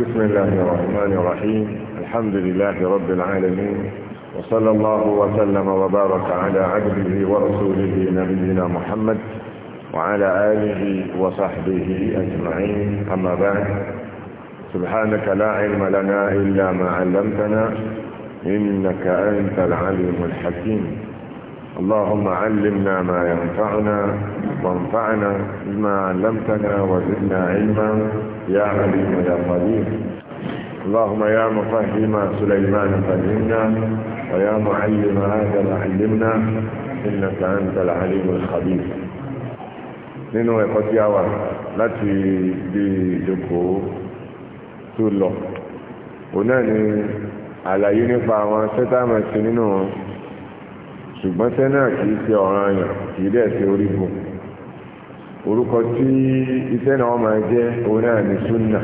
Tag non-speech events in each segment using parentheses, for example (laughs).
بسم الله الرحمن الرحيم الحمد لله رب العالمين وصلى الله وسلم وبارك على عبده ورسوله نبينا محمد وعلى آله وصحبه أجمعين أما بعد سبحانك لا علم لنا إلا ما علمتنا إنك أنت العليم الحكيم اللهم علمنا ما ينفعنا وانفعنا بما علمتنا وزدنا علما يا عليم يا قدير اللهم يا مفهم سليمان فهمنا ويا معلم آدم علمنا إنك أنت العليم الخبير nínú ẹ̀kọ́ tí a wà láti bí ìjókòó tó lọ òun náà ni àlàyé nípa àwọn sẹ́tàmẹ̀sì nínú ṣùgbọ́n sẹ́nà kìí ṣe ọ̀ranyàn kìí dẹ̀ ṣe orígun orúkọ tí iṣẹ́ náà máa jẹ́ òun náà ní wọ́n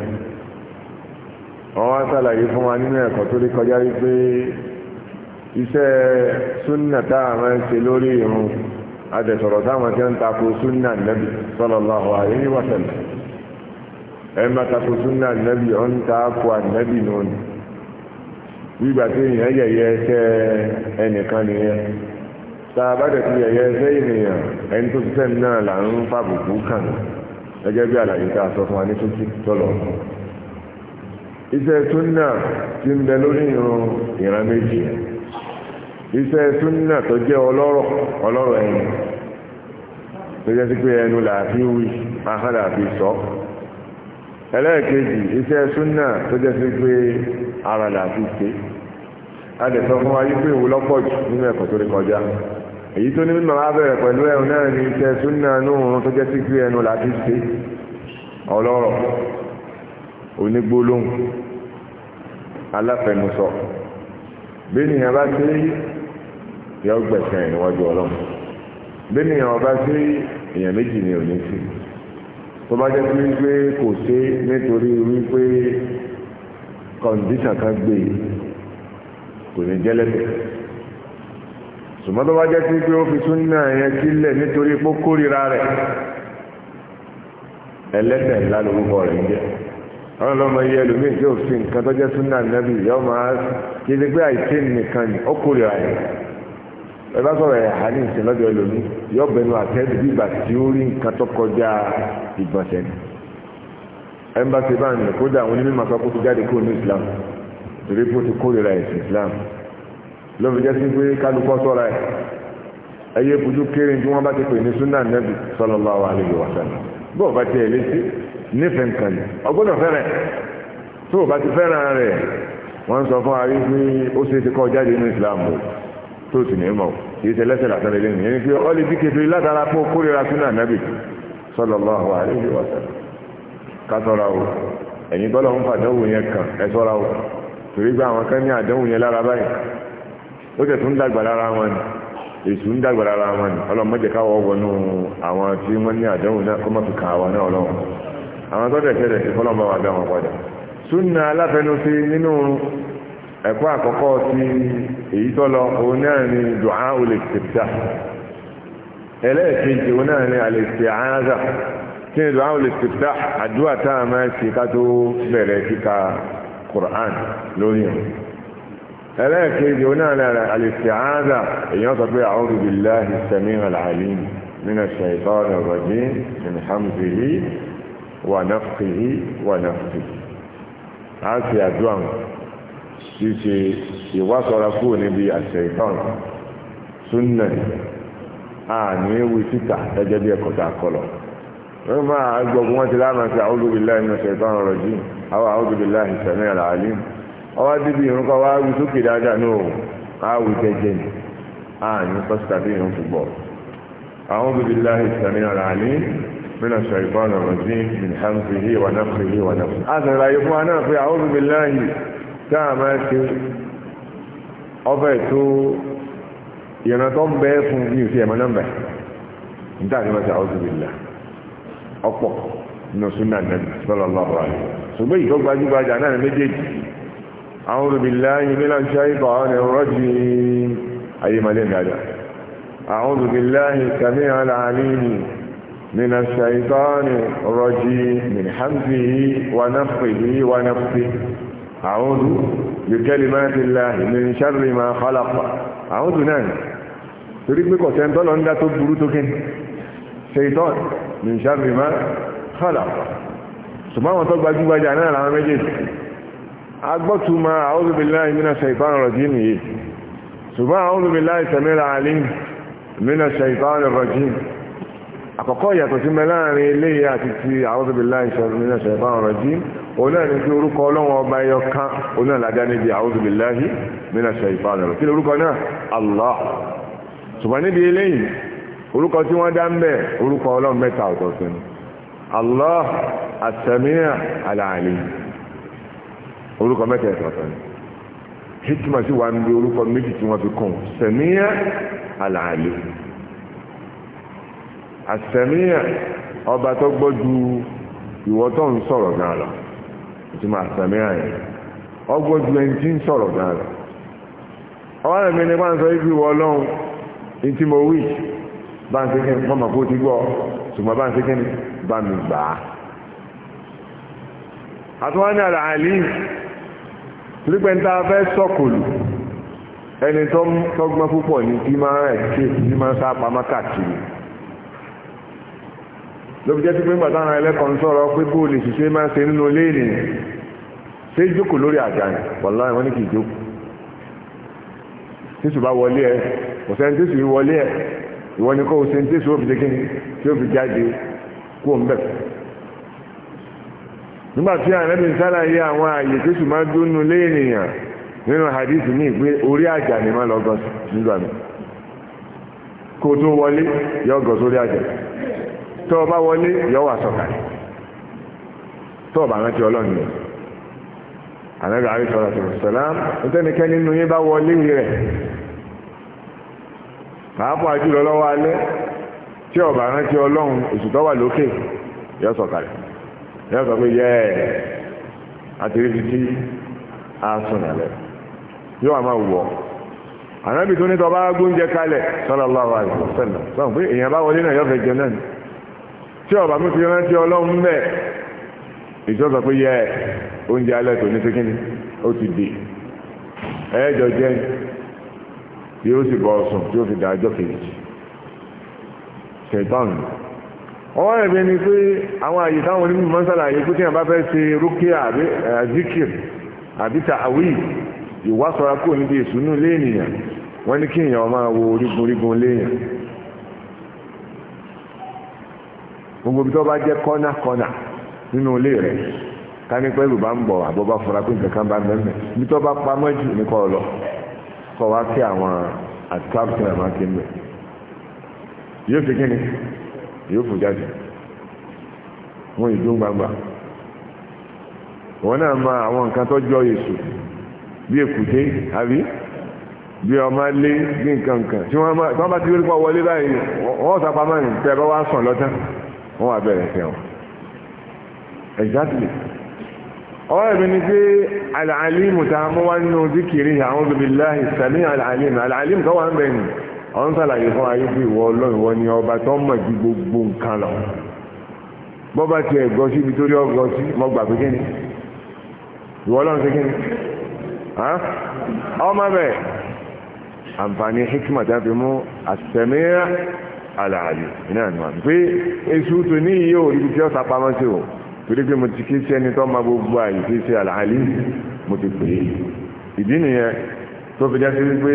wá sàlàyé fún wa nínú ẹ̀kọ́ tó rí kọjá wípé iṣẹ́ súnà a máa ń ṣe lórí irun adẹ̀sọ̀rọ̀ táwọn tí ń tako sallallahu alaihi wa sallam máa tako súnà nẹ́bí ọ̀ ń tako ànẹ́bí nù ní tí èèyàn yẹ̀yẹ́ ẹnìkan tá a bá dẹ̀ fi yẹ̀yẹ́ ẹsẹ́ ènìyàn ẹni tó ṣiṣẹ́ náà là ń fàbùkù kàn gẹ́gẹ́ bí àlàyé tá a sọ fún wa ní tútù tọ́lọ̀. iṣẹ́ súnà ti ń bẹ lórí irun ìran méjì iṣẹ́ súnà tó jẹ́ ọlọ́rọ̀ ọlọ́rọ̀ ẹni tó jẹ́ sí pé ẹnu là fi wí ahọ́n fi sọ. ẹlẹ́ẹ̀kejì iṣẹ́ súnà tó jẹ́ sí pé ara là fi ṣe a dẹ̀ sọ fún wa yí pé ìwúlọ́pọ̀ jù nínú ẹ̀kọ́ tó rí kọjá èyí tó ní mímọ̀ wá bẹ̀rẹ̀ pẹ̀lú ẹ̀ náà ní iṣẹ́ súnà núhùn tó jẹ́ sí pé ẹnu láti ṣe ọlọ́rọ̀ onígbólóhùn aláfẹnusọ bẹ́ẹ̀nìyàn bá ṣe yọ gbẹ̀sẹ̀ níwájú ọlọ́run bẹ́ẹ̀nìyàn ọba ṣe èèyàn méjì ni òní sí tó bá jẹ́ pé wípé kò ṣe nítorí wípé kọ̀ǹdíṣàn kan gbé e, kò ní jẹ́lẹ́bẹ̀ẹ́ ṣùgbọ́n tó bá jẹ́ sí pé ó fi súnà yẹn sílẹ̀ nítorí pó kórìíra rẹ̀ ẹlẹ́sẹ̀ ńlá ọrụ rẹ̀ jẹ́ àwọn ọmọ iye ẹlòmíì tí òfin nǹkan tó jẹ́ súnà nẹ́bí yọ máa kí àìsí nìkan ó rẹ̀ ẹ bá sọ̀rọ̀ ẹ̀ hà ní yọ bẹnu kọjá ìgbọ̀nsẹ̀ ni bá kódà àwọn onímọ̀ ló fi jẹ́ sí pé kálukọ́ sọ́ra ẹ̀ ẹyẹ fojú kéré tí wọ́n bá ti pè ní súnà nẹ́bì sallallahu alaihi wa sallam bó o bá ti ẹ̀ létí nífẹ̀ẹ́ nǹkan yẹn ọgbọ́dọ̀ fẹ́rẹ̀ tó o bá ti fẹ́ràn rẹ̀ wọ́n sọ fún ayé pé ó ṣe é ti kọ́ jáde nínú Islam o tó sì ní mọ̀ kì í ṣe lẹ́sẹ̀ lásán lé lẹ́nu yẹn pé ọ́ lè bí kẹfẹ́ látara pé ó kórira súnà nẹ́bì sallallahu àwọn kan ní àdánwò yẹn lára ó tẹ̀ tún dàgbà lára wọn ni èsù ń dàgbà lára wọn ni ọlọ́mọdé káwọ́ wọnú àwọn tí wọ́n ní àdánwò náà kọ́ mọ́ fi kàn àwọn náà ọlọ́wọ́ àwọn tó tẹ̀sẹ̀ rẹ̀ sí fọ́lọ́mọ wa wọn padà súnà aláfẹnusí nínú ẹ̀kọ́ àkọ́kọ́ ti èyí tó lọ òun náà ni dùá olè tẹ̀tà ẹlẹ́ẹ̀kejì òun náà ni àlè tẹ̀ ààzà kí ni dùá olè tẹ̀tà àdúrà táà máa ń ṣe ká tó bẹ̀rẹ̀ kíka Qur'an lórí ẹlẹ́ẹ̀kejì onáàlára alìsìáàdà èyàn sọ pé a'udhu billahi as-sami' al-alim minash shaytani r-rajim min hamzihi wa nafthihi wa nafthihi a ti àdúrà ti ṣe ìwásọra kúrò níbi àṣẹ ìtọ́nà súnnà àní ewu títà ẹgẹ́ bí ẹ̀kọ́ tá wọ́n máa gbọ́gbọ́n ti láàmà sí a'udhu billahi minash shaytani r-rajim àwọn a'udhu billahi as-sami' ọwá débi ìrún kan wá wí sókè dáadáa náà àwì jẹjẹ ni àní pásítà bí ìrún fúgbọ àwọn bíbí láhì sàmì ara ní mínà ṣàìfọ́ ọ̀nà rọ̀jí ìhàmsì yìí wà náà fún yìí wà náà fún. a sọ̀rọ̀ ayé fún wa náà pé àwọn bíbí láhì tá a máa ṣe ọbẹ̀ tó ìrìnà tó ń bẹ́ fún ní ìfẹ́ ẹ̀mọ́ náà bẹ̀ níta ni wọ́n ti àwọn bíbí láhì ọ̀pọ̀ nínú súnà nàbì sọ́lọ́lọ́ أعوذ بالله من الشيطان الرجيم أي مليم هذا أعوذ بالله السميع العليم من الشيطان الرجيم من حمده ونفخه ونفخه أعوذ بكلمات الله من شر ما خلق أعوذ نان تريد بكو سيطان عند تبروتك شيطان من شر ما خلق سبحانه وتعالى بجوا جانا على مجلس agbọ́tuma a'udhu billahi minash shaitanir rajim yìí ṣùgbọ́n a'udhu billahi samil alim minash shaitanir rajim àkọ́kọ́ ìyàtọ̀ sí mẹ́láàrin eléyìí àti ti a'udhu billahi minash shaitanir rajim òun náà ní kí orúkọ ọlọ́wọ́n ọba ẹyọ kan òun náà lájá níbi a'udhu billahi minash shaitanir rajim kí lórúkọ náà Allah ṣùgbọ́n níbi eléyìí orúkọ tí wọ́n dá ń bẹ̀ orúkọ ọlọ́run mẹ́ta ọ̀tọ̀ọ̀tọ̀ ni Allah as-sami' al orúkọ mẹ́tẹ̀ẹ̀ta ọ̀tọ̀ ni hikima sì wà níbi orúkọ méjì tí wọ́n fi kàn sẹ̀míyà àlàyé àsẹ̀míyà ọba tó gbọ́ ju ìwọ tó ń sọ̀rọ̀ gan lọ ìtumọ̀ àsẹ̀míyà yẹn ọgbọ́ ju ẹni tí ń sọ̀rọ̀ gan lọ ọwọ́ mi ni bá sọ ibi wọ ọlọ́run ní tí mo wí bá ń sékè wọ́n mọ̀ kó ti gbọ́ ṣùgbọ́n bá ń sékè bá mi gbà á àtúwọ́n ní àlàyé torípẹ́ ń ta fẹ́ sọ̀kòlù ẹni tó ń tọ́gbọ́n púpọ̀ ní tí máa ń ẹ̀kíyèsí tí máa ń sápa má káàkiri ló fi jẹ́ sí pé ń gbàtà àwọn ẹlẹ́kọ̀ọ́ ń sọ̀rọ̀ pé bóòlù ṣiṣẹ́ máa ń ṣe nínú ilé ènìyàn ṣé jókòó lórí àjà yìí wọ̀lá wọn ní kì í tíṣù bá wọlé ẹ kò sẹ́ni tíṣù wọlé ẹ ìwọ ni tíṣù ó tí ó fi jáde kó ń bẹ̀rẹ̀ nígbàtí ànábì sálàyé àwọn àyè tó sì máa dúnú lé nínú hadith ní ìpín orí àjà ni máa lọ gọ nígbà mi kó tó wọlé yọ sórí àjà tó o bá wọlé yọ wà sọ̀kalẹ̀ tó o bá rántí ọlọ́run yẹn ànábì sọ̀rọ̀ sọ̀rọ̀ sọ̀lám nínú yín bá wọlé rẹ̀ pàápàá jùlọ lọ́wọ́ alẹ́ yóò sọ pé yẹ ẹ àtìrífi tí a sùn nàlẹ yóò wà máa wọ ànábì tó ní tọba gbóúnjẹ kalẹ̀ sallallahu alaihi wasallam sọ̀rọ̀ pé èèyàn bá wọlé náà yóò fẹ́ jẹun náà ni tí ọba mi fi rántí ọlọ́run bẹ́ẹ̀ ìjọ sọ pé yẹ ẹ oúnjẹ alẹ́ tó ní síkíní ó ti di ẹ̀ẹ́jọ jẹ́ tí ó sì bọ̀ ọ̀sùn tí ó fi dá kejì ṣètọ́nù ọwọ́ ẹ̀bẹ̀ ni pé àwọn àyè táwọn onímọ̀ máa ń sàlàyé pé tíyàn bá fẹ́ ṣe rúkìá àbí eh, zikir àbí tàwí ìwásọra kò níbi ìsúnú léèyàn wọ́n ní kí èèyàn wo orígun orígun léèyàn gbogbo ibi tó bá jẹ́ kọ́nà kọ́nà nínú ilé rẹ̀ ká ní pé ẹrù bá ń bọ̀ yóò fún jáde wọn ìdún gbangba wọn náà ma àwọn nǹkan tó jọ èso bí èkúté àbí bí ọmọ lé bí nǹkan nǹkan tí wọn bá ti rí pa wọlé báyìí wọn ò sápá mọ́rin tẹ́ ẹ bá wá sàn lọ́tàn wọn wà bẹ̀rẹ̀ sẹ́wọ̀n exactly ọwọ́ ẹ̀mí ni pé alàálìmù tá a mú wá nínú díkìrì àwọn obìnrin láì sàmì alàálìmù alàálìmù tó wà ń bẹ̀ ọ̀n sàlàyé fún ayé pé ìwọ ọlọ́run wọ ni ọba tó mọ̀ ju gbogbo nǹkan lọ bọ́ba tiẹ̀ gọ sí ibi tó rí ọgọ sí mo gbà pé kíni ìwọ ọlọ́run ṣe kíni ọmọ bẹ́ẹ̀ àǹfààní hikima tá a fi mú àtẹ̀míyà àlàyé iná ni wọn pé èṣù tó ní iye òrìbí tí ó sapamọ́ sí o torí pé mo ti kí sí ẹni tó ma gbogbo àyè tí ṣe àlàyé mo ti pè é ìdí nìyẹn tó fi jẹ́ wípé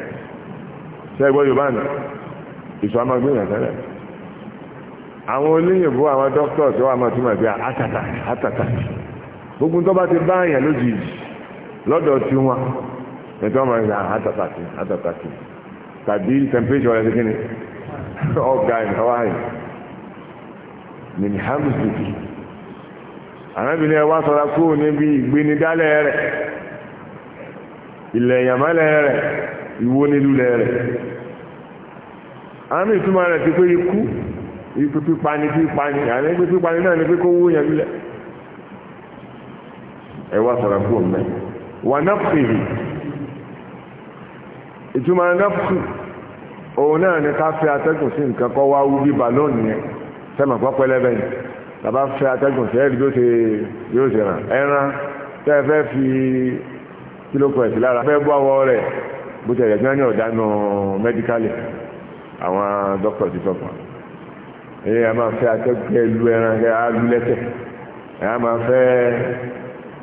tẹ́gbọ́ yorùbá nù ìṣọ́ àmọ́ gbìyànjú tẹ́lẹ̀ àwọn olóyìnbó àwọn dókítà tó wà máa túmọ̀ bí àtàtà àtàtà gbogbo tó bá ti bá àyàn lójijì lọ́dọ̀ tí wọn ah, àtàtà àtàtà tàbí temperature rẹ̀ kíni (laughs) ọ̀gá ìnáwó àyàn mìnìhàmù sí i àrẹ́bìnrin sọ̀rọ̀ kúrò níbi rẹ̀. ilẹ̀ ìyàmálẹ̀ rẹ̀ ìwó nílùlẹ̀ rẹ̀ àmì ìtumọ̀ rẹ̀ ti pé ikú ikú pípani pípani àmì ikú pípani náà ni pé kó wó yẹn lulẹ̀ ẹ wá sọ̀rọ̀ fún ọ̀mẹ́ wà náfìrì ìtumọ̀ náfìrì òun náà ni ká fẹ́ atẹ́gùn sí nǹkan kọ́ wá wú bí balóònù yẹn sẹ́mọ̀ pọ́pẹ́lẹ́bẹ̀ ni tàbá fẹ́ atẹ́gùn sí ẹ̀rí bí ó ṣe ràn ẹran tẹ́ fẹ́ fi kí ló kọ ẹ̀sì lára fẹ́ bọ́ ọwọ́ rẹ̀ bó ṣe ẹ̀gbẹ́ ní ọ̀dánù mẹ́díkálì àwọn dókítà ti sọ fún ẹ a máa fẹ́ atẹ́gùn lu ẹran ẹ á lu lẹ́sẹ̀ ẹ a máa fẹ́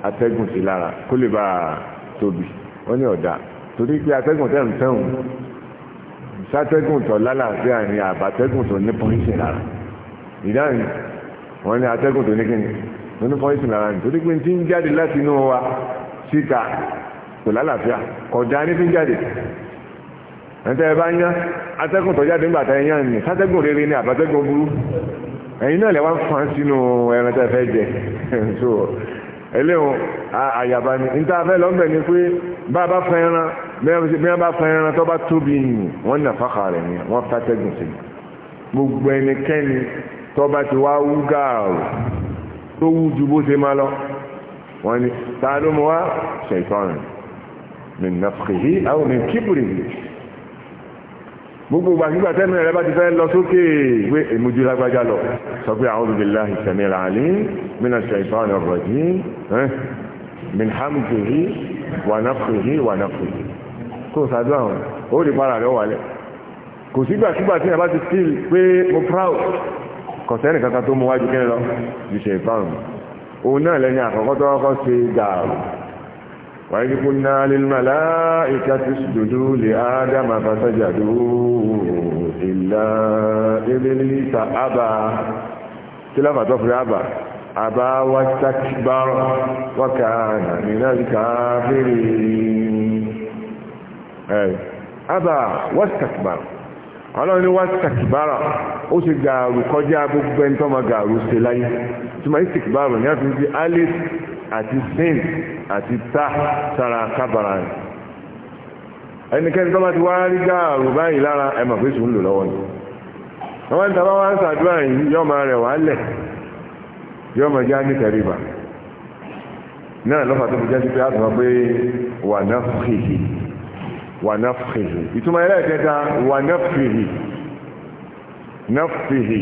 atẹ́gùn sí lára kó lè bá a tóbi wọ́n ní ọ̀dà torí pé atẹ́gùn tẹ̀ ń tẹ̀hùn sátẹ́gùn tó lálàáfíà ni àbátẹ́gùn tó ní pọ́ńsì lára ìdáhùn wọ́n ní atẹ́gùn tó ní kíni tó ní pọ́ńsì lára nítorí pé ti ń jáde láti inú wa síta kò lálàáfíà kọjá ní fín jáde ẹ̀ntẹ́ ẹ bá ń yán atẹ́gùn tó jáde nígbà tá ẹ yán ni sátẹ́gùn rere ni àbátẹ́gùn burú ẹ̀yin náà lè wá ń fan sínú ẹran tẹ́ fẹ́ jẹ (laughs) so eléhùn àyàbá ni níta fẹ́ lọ́gbẹ̀ ni pé bá a bá fẹ́ ẹran bí wọ́n bá fẹ́ ẹran tó bá tóbi yìí wọ́n nà fáfà rẹ̀ ni wọ́n fàtẹ́gùn sí gbogbo ẹnikẹ́ni tó bá ti wá wú gààrò tó wú ju bó ṣe máa lọ wọ́n ni ta ló mọ wá ṣètọ́rin min nafkihi aw min kíbrì gbogbo ìgbà nígbà tẹ́nu rẹ̀ bá ti fẹ́ lọ sókè ìwé ìmújú lágbájá lọ sọ pé a'udhu billahi samil alim minash shaitani rrajim min hamdihi wa nafkihi wa nafkihi kó sàdúrà wọn ó rí para rẹ̀ wálẹ̀ kò sígbàsígbà tí a ti fíl pé mo proud kọ̀sẹ́nì kankan tó mú wájú kí lọ ju ṣe ìfáàmù òun náà lẹ́ni àkọ́kọ́ tó kọ́kọ́ ṣe dàrú وإذ قلنا للملائكة اسجدوا لآدم فسجدوا إلا إبليس أبى كلما تفري أبى أبى واستكبر وكان من الكافرين أي أبى واستكبر ọlọ́run ni wá sàkìbára ó ṣe gààrù kọjá gbogbo ẹni tó ma gààrù ṣe láyé tí ma ń sàkìbára ní àfihàn alif àti sin àti tá sára kábàrà rẹ̀ ẹnikẹ́ni tó bá ti wá rí gáàrù báyìí lára ẹmọ̀ pé sùn lò lọ́wọ́ ni àwọn ìta bá wá ń sàdúrà yìí yọ́ máa rẹ̀ wá lẹ̀ yọ́ máa já ní tẹ̀ríba náà lọ́fà tó fi jẹ́ sí pé a sọ pé wà náà fìhì wà náà fìhì ìtumọ̀ ẹlẹ́ẹ̀kẹta wà náà fìhì náà fìhì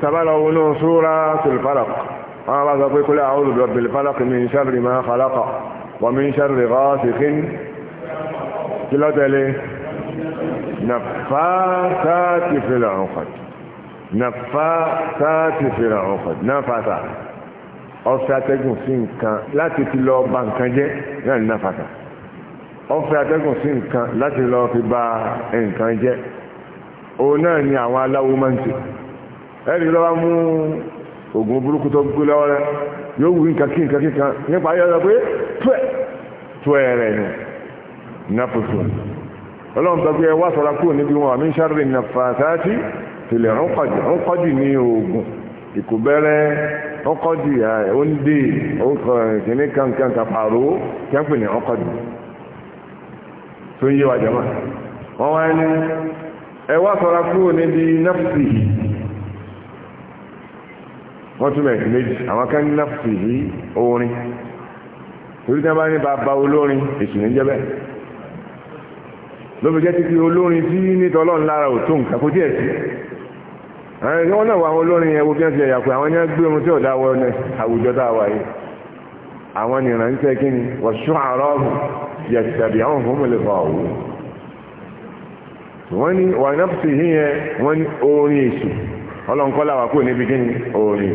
tabalawolo sóra tòlùfàlàkù wọ́n bá sọ pé kúlẹ̀ àwọn olùdọ̀bìl fálọ́kì min sharri ma khalaqa wa min sharri ghasiqin kí lọ́tẹ̀lé nàfáàtàtì fil 'uqad nàfáàtàtì fil 'uqad nàfáàtà ọ̀fẹ́ atẹ́gùn sí nǹkan láti fi lọ bà nǹkan jẹ́ náà ní nàfáàtà ọ̀fẹ́ atẹ́gùn sí nǹkan láti lọ fi bà nǹkan jẹ́ òun náà ni àwọn aláwo máa ń tè ẹ̀rí lọ́wọ́ mú ogun burúkú tó gbé lọ́wọ́ rẹ yóò wù nǹkan kí nǹkan kíkan nípa ayọ́ rẹ pé tuẹ̀ tuẹ̀ rẹ̀ ni nàpùtù ọlọ́run tó gbé ẹ wá sọ̀rọ̀ kúrò níbi wọn àmì sáré nàfàtàtì tìlẹ̀ ọ̀nkọ́jì ní oògùn ìkùbẹ́rẹ́ ọ̀nkọ́jì òǹdè kìíní kankan kàpàrọ̀ kẹ́ńpì ní ọ̀nkọ́jì tó ń yé wa jama wọn wá ní ẹ wá sọ̀rọ̀ kúrò níbi nàpùtì wọ́n túmọ̀ ẹ̀sìn méjì àwọn kan ní náfùsì yìí orin torí tí wọ́n bá ní bàbá olórin èsì ní jẹ́ bẹ́ẹ̀ ló fi jẹ́ títí olórin tí nítọ́lọ́run lára ò tó nǹkan kó díẹ̀ sí àwọn ẹ̀sìn wọn náà wọ àwọn olórin bí ti yàyà pé àwọn yẹn gbé ohun tí ọ̀dà wọ àwùjọ tá a wà àwọn nìran ọlọ́nkọ́lá wà kúrò níbi kíni orin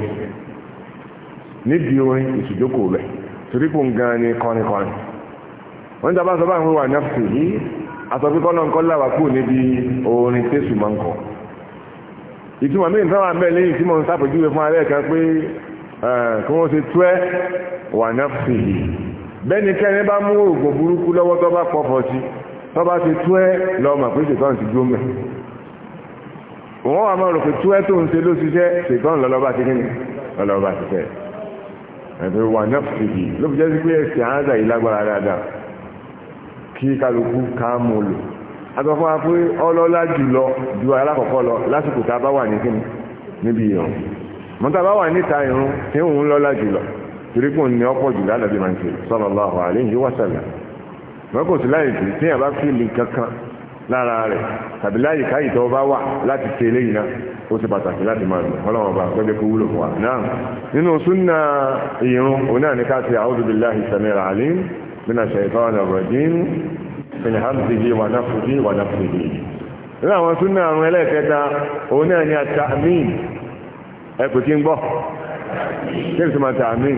níbi orin ìṣùjókò rẹ̀ torí kò ń gan ni kọrinkọrin wọ́n dábà sọ bá ń wà náfẹ́ yìí àtọ́fíkọ́ ọlọ́nkọ́lá wà kúrò níbi orin tẹ́sù máa ń kọ ìtumọ̀ mí nǹkan wà ń bẹ̀ lẹ́yìn tí mo ń sàpèjúwe fún alẹ́ kan pé kí wọ́n ṣe tú ẹ́ wà náfẹ́ yìí bẹ́ẹ̀ni kẹ́ni bá mú oògùn burúkú lọ́wọ́ tó bá pọ̀ pọ̀ sí tó bá ṣe tú ẹ́ lọ́ọ́ pé ṣètọ́ wọ́n wà máa rò pé túwẹ́ tó ń ṣe ló ṣiṣẹ́ ṣètọ́n lọ́lọ́ba ti kíni lọ́lọ́ba ti tẹ̀ ẹ̀fẹ́ wà náà fìdí ló fi jẹ́ sí pé ẹ̀sìn àádà yìí lágbára dáadáa kí kálukú ká mú lò agbọ́fọ́ wa pé ọlọ́lá jùlọ ju alákọ̀ọ́kọ́ lọ lásìkò tá a bá wà ní kíni níbi ìrùn mọ́tà bá wà níta ìrùn tí òun lọ́lá jùlọ torí pé òun ni ọ̀pọ̀ jù lálàbí máa ń ṣe sallallahu alaihi wa sallam mọ́kòtì láì sí tí yàrá fíìlì lára rẹ̀ tàbí láyé káyì tó bá wà láti ṣe eléyìí náà ó ṣe pàtàkì láti máa lò ọlọ́run ọba gbẹ́gbẹ́ kó wúlò fún wa náà nínú súnà ìrun òun náà ní ká ṣe a'udhu billahi samir alim minash shaytanir rajim min hamzihi wa nafthihi wa nafthihi nínú àwọn súnà àrùn ẹlẹ́ẹ̀kẹta òun náà ní àtàmín ẹ kò tí ń gbọ́ kí ni tó máa tàmín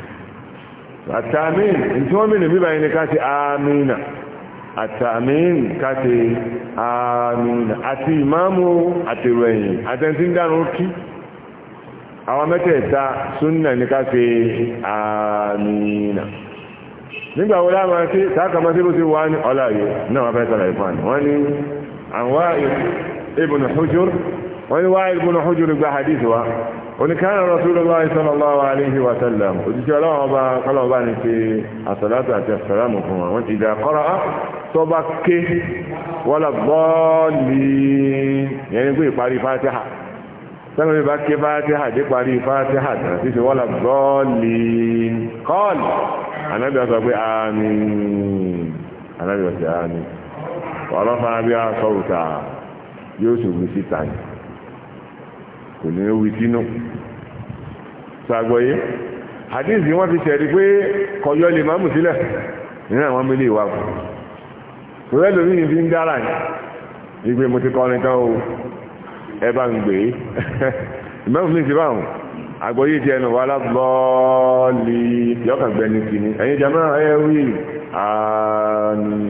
àtàmín tí wọ́n mìíràn bíbá yìí ni ká ti àmìnà àtàmín ká ti àmìnà àti ìmáàmù àtèrò ẹ̀yìn àtẹ̀ntí ń dánú kí àwọn mẹ́tẹ̀ẹ̀ta súnnà ní ká ti àmìnà nígbà wo láàmà sí ti wá ní ọláyé náà wọ́n fẹ́ sọ̀rọ̀ ìfọ̀n wọ́n ní àwọn ibùn Hujur wọ́n ní wá Hujur gba hadith wa oníkàánà Rasulullahi sallallahu alayhi wa sallam òjíṣẹ́ ọlọ́wọ́n ọba kọ́lọ́ ọba ní pé àsàlátù àti àsàlámù fún wa wọ́n ti dà kọ́ra tó bá ké wọ́lá bọ́ọ̀lì yẹn ní pé ìparí fatiha sọ́nà bí bá ké fatiha dé parí fatiha tàn sí ṣe wọ́lá bọ́ọ̀lì kọ́ọ̀lì anábì ọ̀sọ̀ pé àmín anábì ọ̀sẹ̀ àmín ọ̀rọ̀ fún abíyá sọ̀rọ̀ yóò ṣòwò síta yìí kò ní wí sínú sàgbọ́yé hadith wọ́n fi tẹ̀rí pé kọ̀yọ́ lè máa mú sílẹ̀ nínú àwọn mílí ìwà kù rẹ̀ lórí ní fi ń dára ní ìgbé mo ti kọrin tán o ẹ bá ń gbé (laughs) ìmọ̀rún mi ti bá wọn àgbọ̀yé ti ẹnu wa lábọ́ọ̀lì yọkàngbẹ́ni kìíní ẹ̀yin jama ẹ wí àmín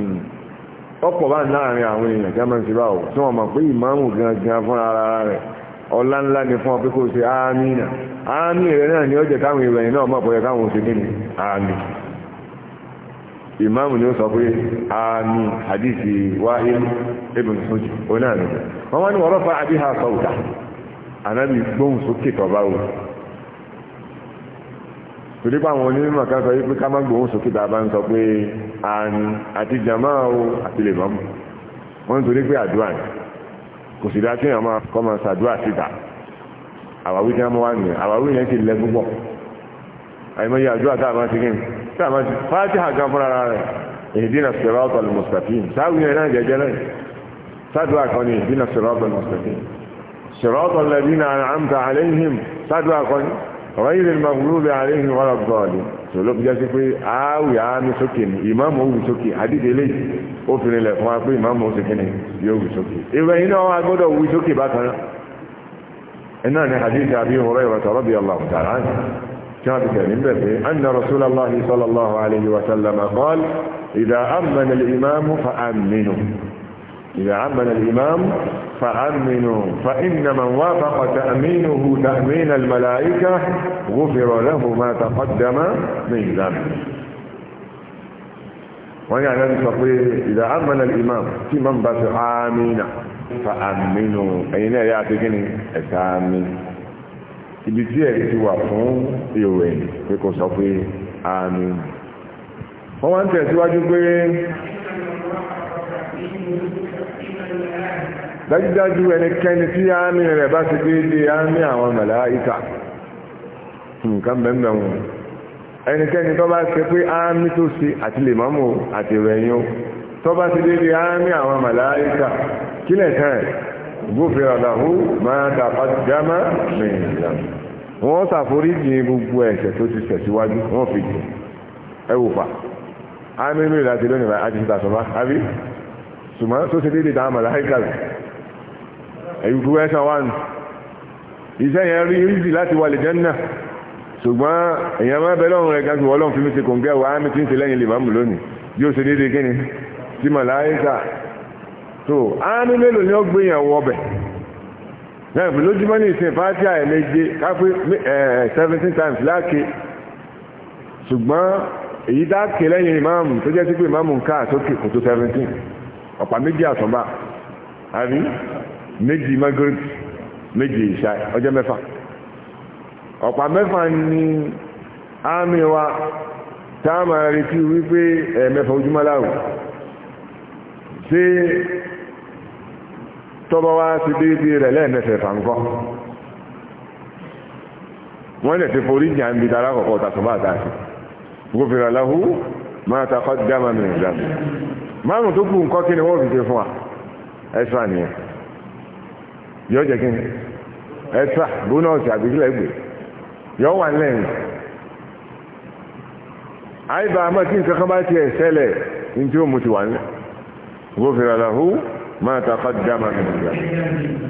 ọ̀pọ̀ bá láàrin àwọn èèyàn jama ti bá wọn tí wọ́n mọ̀ pé ìmáàmù gangan fúnra rẹ̀ ọlá ńlá ni fún ọ pé kò ṣe àmì náà ni ó káwọn ìròyìn náà mọ̀pọ̀ yẹ káwọn òṣèlú ni àmì ìmáàmù ni ó sọ pé àmì hadithi Wa'il ibn Hujr onáàmì wọ́n wá ní ànábì gbóhùn sókè o torí pé àwọn onímọ̀ kan sọ ká má gbóhùn sókè bá ń sọ pé kò sì dá kéèyàn máa kọ́ máa ṣàdúrà síta àwáwí tí wọ́n wá nìyẹn àwáwí yẹn ti lẹ púpọ̀ àìmọye àdúrà tá a máa ti kí ni tá a máa ti fáájì àgán fúnra rẹ̀ ìdínà sirātal mustaqīm sáwì yẹn náà jẹjẹ náà sádùá kan ní ìdínà sirātal mustaqīm sirātal ladhīna an'amta 'alayhim sádùá kan ní. غير المغلوب عليه ولا الضالين sọlọ bí jásí pé àáwì àánú sókè ní ìmáàmù òwì sókè àdìdè eléyìí ó fi rinlẹ̀ fún wa pé ìmáàmù òsè kínní yóò wì sókè ìwé iná wa gbọ́dọ̀ wì sókè bákan náà iná ni hadith àbí ìhòòrò ìwà tọrọ bí ọlọ́run tààrà ní kí wọ́n ti tẹ̀lé ń bẹ̀ pé anna rasulallah sallallahu alayhi wa sallam qala idha amana al-imamu fa aminu إذا عمل الإمام فأمنوا فإن من وافق تأمينه تأمين الملائكة غفر له ما تقدم من ذنبه wọ́n yà lẹ́nu sọ pé إذا عمل الإمام tí mọ́ bá fi àmìnà fa'àmìnù ẹ̀yìn náà yà ti gíní ẹ̀sàmì ibi tí ẹ̀ ti wà fún ìwẹ̀ pé kò sọ pé àmìnà wọ́n wá ń tẹ̀síwájú pé dájúdájú ẹnikẹ́ni tí ámì rẹ̀ bá ti dédé ámì àwọn màláíkà nǹkan mẹ́mẹ́ wọn ẹnikẹ́ni tó bá ṣe pé ámì tó ṣe àti lè mọ́mù àti rẹ̀yìn o tó bá ti dédé ámì àwọn màláíkà kí lẹ̀sán ẹ̀ gbófin àdáhù máa dàpá dámà mìíràn wọ́n ṣàforíjì gbogbo ẹ̀ṣẹ̀ tó ti ṣẹ̀ wọ́n fi jù ẹwùfà ámì mìíràn àti lónìí àti ìtàsọ́fà ṣùgbọ́n tó ṣe dédé dáhùn màláìkà rẹ̀ ẹ̀yùkú ẹ̀sán wà nù iṣẹ́ yẹn rí rízì láti wà lè jẹ́nà ṣùgbọ́n èyàn máa bẹ̀rẹ̀ ọ̀run rẹ̀ gàgbé wọ́lọ́n fi mí ti kòǹgẹ́ wà á mi ti ń ṣe lẹ́yìn se máàmù lónìí bí ó ṣe dédé kíni tí màláìkà tó áánú mélòó ni ó gbé yàn wọ ọbẹ̀ náà bí lójúmọ́ ní ìsìn fáti àìméje kápé seventeen times láàké ṣùgbọ́n èyí dáàkè lẹ́yìn ìmáàmù tó jẹ́ sí pé ìmáàmù ń ká àtókè kò tó seventeen ọ̀pá méjì àsọ̀bá àbí méjì magrib méjì ìṣá ọjọ́ mẹ́fà ọ̀pá mẹ́fà ni àmì wa tá a máa retí wípé ẹ̀ẹ̀mẹ́fà ojúmọ́ láàrùn ṣé tọ́bọ̀ wá sí déédéé rẹ̀ lẹ́ẹ̀mẹ́fẹ̀ẹ́fà ńkọ́ wọ́n lè fi forí jà ń bi tara kọ̀kọ́ tàṣọ́bà tàṣì gófìrà láhú máa takọ́ dámà mìíràn dámà márùn tó kù nǹkan kí ni wọ́n fi ṣe fún wa extra nìyẹn yọ jẹ́ kí ni extra bónọ́ọ̀sì àbíkílẹ̀ gbé yọ wà lẹ́yìn àìbá àmọ́ tí nǹkan kan bá ti ẹ̀ṣẹ́lẹ̀ ní tí ó mú ti wà nílẹ̀ gófìrà làhú máa ta kọ́dá máa fi nìyà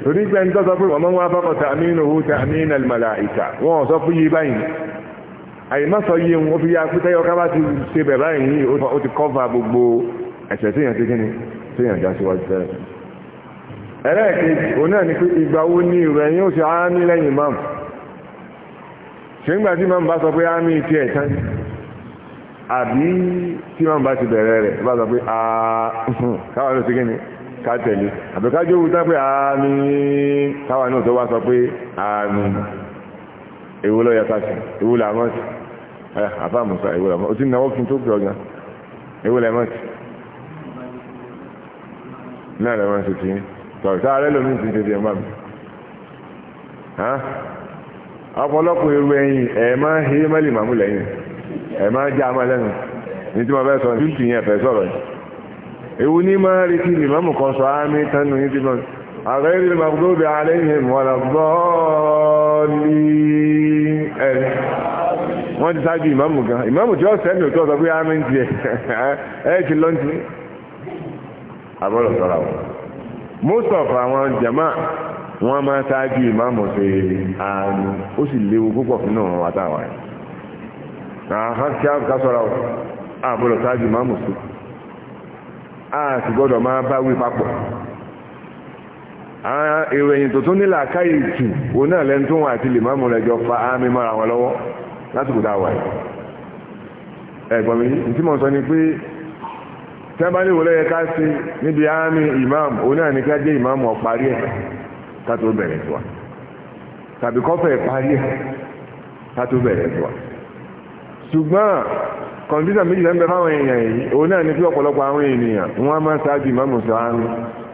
torí pé ń tọ́ sọ pé wọ́n máa ń wá bọ́kọ̀ tààmínú hu tààmínú màláìkà wọ́n sọ fún yí báyìí àìmọ́sọ yí wọn fi yá pé tẹ́yọ ká bá ti ṣe bẹ̀ báyìí ó ti kọ́fà gbogbo ẹ̀ṣẹ̀ tíyàn tí kíni tíyàn já síwájú tẹ́lẹ̀ ẹlẹ́ẹ̀kejì òun náà ni pé ìgbà wo ni ìrọ̀ ẹ̀yìn ó ṣe ámì lẹ́yìn máàmù ṣe ń gbà tí máàmù bá sọ pé ámì ti ẹ̀ tán àbí tí máàmù bá ti bẹ̀rẹ̀ rẹ̀ bá sọ pé káwa ló ti kíni ká tẹ̀lé àbíkájú òwú tán pé ámì káwa náà tó wá sọ pé ámì èwo ló yẹ ká sí èwo làmọ́ sí àfáàmùsà èwo làmọ́ ó ti náwó kí n tó gbọ́ gan èwo làmọ́ sí. náà lè máa ṣe ti tọ̀ sáré lómi ti ṣe ti mi ọ̀pọ̀lọpọ̀ irú ẹyin ẹ̀ máa mẹ́lì màmú lẹ́yìn ẹ̀ máa lẹ́nu ní tí mo fẹ́ sọ ní yẹn fẹ́ sọ̀rọ̀ yìí ewu ní máa retí kan sọ máa yìí bọ́ọ̀lì ẹ̀ wọ́n ti ìmáàmù gan ìmáàmù tí sẹ́ni (laughs) agbọ́dọ̀ sọ́ra wọn most of àwọn jama wọ́n máa ṣáájú ìmáàmù ṣe àánú ó sì léwu púpọ̀ fún náà wọn àtàwọn ẹ̀ àhán kí á ká sọ́ra wọn àgbọ́dọ̀ ṣáájú ìmáàmù sí a sì gbọ́dọ̀ máa bá wí papọ̀ àwọn ìròyìn tó tún nílà káyì tù òun náà lẹ́nu tó wọn àti lè máàmù rẹ̀ jọ fa ámì mọ́ra wọn lọ́wọ́ lásìkò dáwà ẹ̀ ẹ̀gbọ́n mi tí mo ni pé tí wọ́n bá ní ìwòlẹ́yẹ ká sí níbi àmì ìmáàmù òun náà ní ká jẹ́ ìmáàmù ọ̀parí ẹ̀ ká tó bẹ̀rẹ̀ tó wa tàbí kọ́fẹ̀ parí ẹ̀ ká tó bẹ̀rẹ̀ tó wa ṣùgbọ́n kọ̀ǹpútà méjì lẹ́nu bẹ fáwọn èèyàn yìí òun náà ní kí ọ̀pọ̀lọpọ̀ àwọn ènìyàn wọ́n máa ṣáájú ìmáàmù sàánú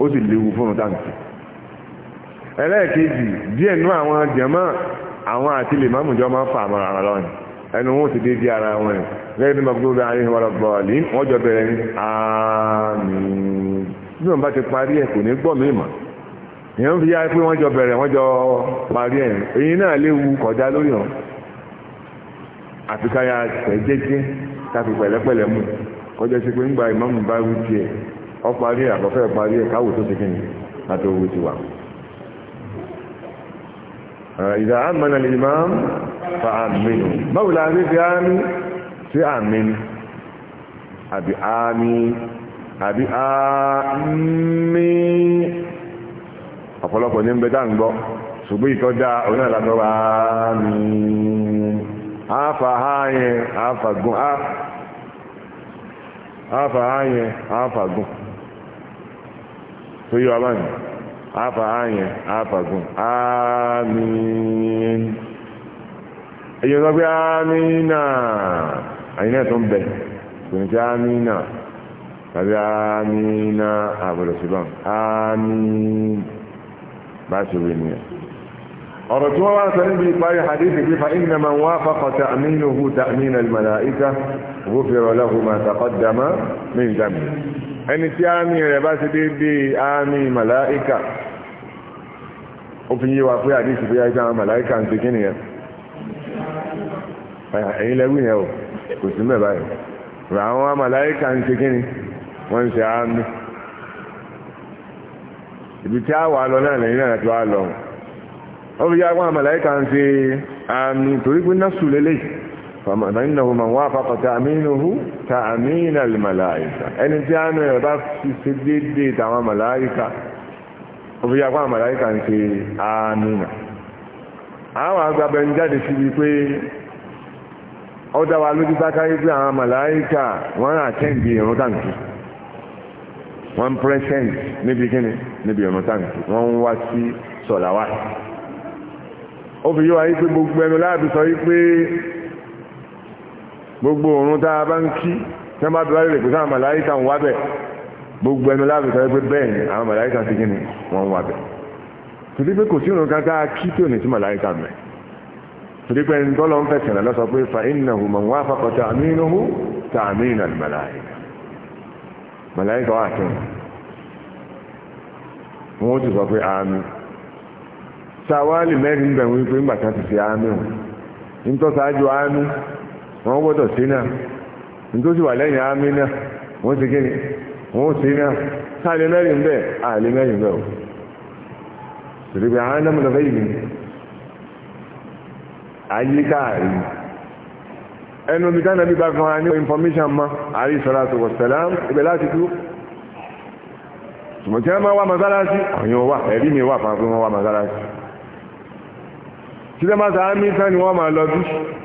ó sì léwu fún un táǹkì ẹlẹ́ẹ̀kejì díẹ̀ nú àwọn jẹ̀mọ́ àwọn àti ẹnu wọn ti di ara wọn ẹ̀ lẹ́yìn tí magbóbi àárín wọn lọ bọ̀ lé wọ́n jọ bẹ̀rẹ̀ ní àmín bí wọn bá ti parí ẹ̀ kò ní gbọ́ mí mọ̀ èèyàn fi yá pé wọ́n jọ bẹ̀rẹ̀ wọ́n jọ parí ẹ̀ èyí náà léwu kọjá lórí wọn àfi ya tẹ̀ jẹ́jẹ́ káfi mú kọjá sí pé bá wí tiẹ̀ ọ parí ẹ̀ àbọ̀fẹ́ parí ẹ̀ káwò tó ti ti ìdá àmàna lè máa ń fa àmìnù báwo la rí fi àmì sí àmìnù àbí àmì àbí àmì ọ̀pọ̀lọpọ̀ ní ń bẹ dáǹgbọ́ ṣùgbọ́n ìtọ́já oní àlànà àmì àfà ààyẹn àfà àyẹn àfàgùn àmín èyí sọ pé àmínà àyìn náà tó ń bẹ kò ní sí àmínà tàbí àmínà àbọ̀dọ̀ síbọn àmín bá ṣe wé nìyẹn ọ̀rọ̀ tí wọ́n wá sọ níbi ìparí hadithi pípa inna man wafaqa ta'minuhu ta'mina al-mala'ika ghufira lahu ma taqaddama min dhanbihi ẹni tí àmì rẹ̀ bá ṣe déédéé àmì màláíkà ó fi yé wa pé àdéṣì pé àìsàn àwọn màláíkà ń ṣe kí nìyẹn ẹ̀yìn lẹ́wìn yẹn o kò sí mẹ́ba yẹn rẹ̀ àwọn màláíkà ń ṣe kí ni wọ́n ń ṣe àmì ibi tí a wà lọ náà lẹ́yìn náà tó a lọ ó fi yá àwọn màláíkà ń ṣe àmì torí pé náà sùn lélẹ́yìí فإنه من وافق تأمينه تأمين الملائكة ẹni tí àánú ẹ̀ bá fi ṣe déédéé tàwọn màláìkà òfin yàgbọ́n àwọn màláìkà ń ṣe àánú nà àwọn agbábẹ́ ń jáde síbi pé ó dá wa lójú sákáyé pé àwọn màláìkà wọ́n àtẹ́ǹdì ìrún tàǹkì wọ́n pẹ́sẹ́ǹt níbi kíni níbi ìrún tàǹkì wọ́n ń wá sí sọ̀làwà ó fi yíwa yí pé gbogbo ẹnu láàbí sọ yí pé gbogbo òrun tá a bá ń kí tí wọ́n bá bí wáyé rẹ̀ pé sáwọn màláíkà ń wábẹ̀ gbogbo ẹnu láàbẹ̀ sọ pé bẹ́ẹ̀ ni àwọn màláíkà ti gíní wọ́n ń wábẹ̀ torí pé kò sí òrun kan kí tí ò ní sí màláíkà mẹ́ torí pé ẹni tọ́lọ́ ń fẹ̀sẹ̀ rẹ̀ lọ́sọ pé fa innahu man wafaqa ta'minuhu ta'mina al-màláíkà màláíkà wà tó wọn ó ti sọ pé àmì sáwálì mẹ́rin bẹ̀ wípé ńgbà kan ti fi àmì ò ń àmì wọ́n gbọ́dọ̀ sí náà nítorí wà lẹ́yìn àmì náà wọ́n ti wọ́n sí náà mẹ́rin bẹ́ẹ̀ mẹ́rin bẹ́ẹ̀ o torí pé àwọn fẹ́ yìí ẹnu omi bá fún wa ní information ma àrí sọ́lá tó ibẹ̀ láti dúró wọ́n wá mọ́sálásí wà ẹ̀rí mi wà fún wá mọ́sálásí máa sàámi lọ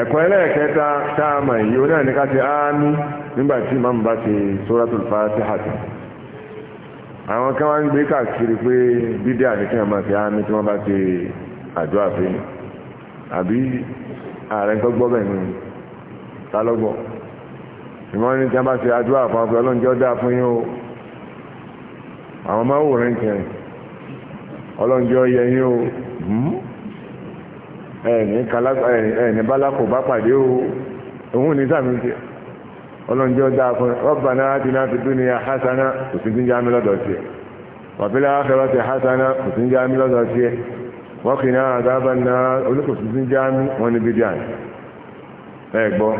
ẹ̀kọ́ ẹlẹ́ẹ̀kẹta táàmà yìí ó náà ní ká ti áánú nígbàtí ìmáàmù bá ti suratul Fatiha tán àwọn kan wá ń gbé káàkiri pé bídẹ́ àdékẹ́ ọmọ ti áánú tí wọ́n bá ti àjọ àfihàn àbí ààrẹ tó gbọ́ bẹ̀rẹ̀ nù tálọ́gbọ̀ ìmọ̀n ní tí wọ́n bá ti àjọ àfihàn pé ọlọ́njẹ́ ọdá fún yín o àwọn máa wò rẹ̀ ń kẹrin ọlọ́njẹ́ ọyẹ yín o hmm? ẹ̀ẹ̀ni bálákò bá pàdé o òun ní sàmì tí ọlọ́njọ́ dáa fún náà atina fid dunya hasana kò sí jíjá mi lọ́dọ̀ tiẹ̀ wa fil akhirati hasana kò sí jíjá mi lọ́dọ̀ jíjá mi wọ́n ní bídíà ẹ̀ gbọ́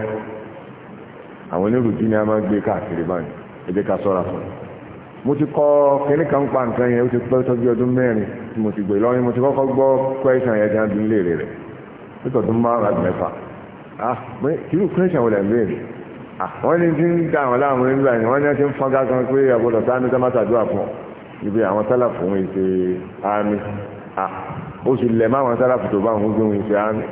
àwọn onírùjú ni a máa gbé káàkiri báyìí ká sọ́ra fún mo ti kọ́ kíní kan pa nǹkan yẹn ó ti pẹ́ tọ́jú ọdún mẹ́rin tí mo ti gbé mo ti kọ́kọ́ gbọ́ kwẹ́sàn yẹn jáde pẹ́tọ̀ márùn àti mẹ́fà kìrù kírẹ́ṣàn wọlé ẹ̀mẹ́rẹ̀ wọ́n ní tí ń dá àwọn láàmú nígbà ni wọ́n ní ti ń fọ́n gágan pé àgbọ̀dọ̀ sáàmì tó fún ibi àwọn sálàfù ń ṣe àmì ó sì lẹ̀ máwọn sálàfù tó bá wọn gbé wọn ṣe àmì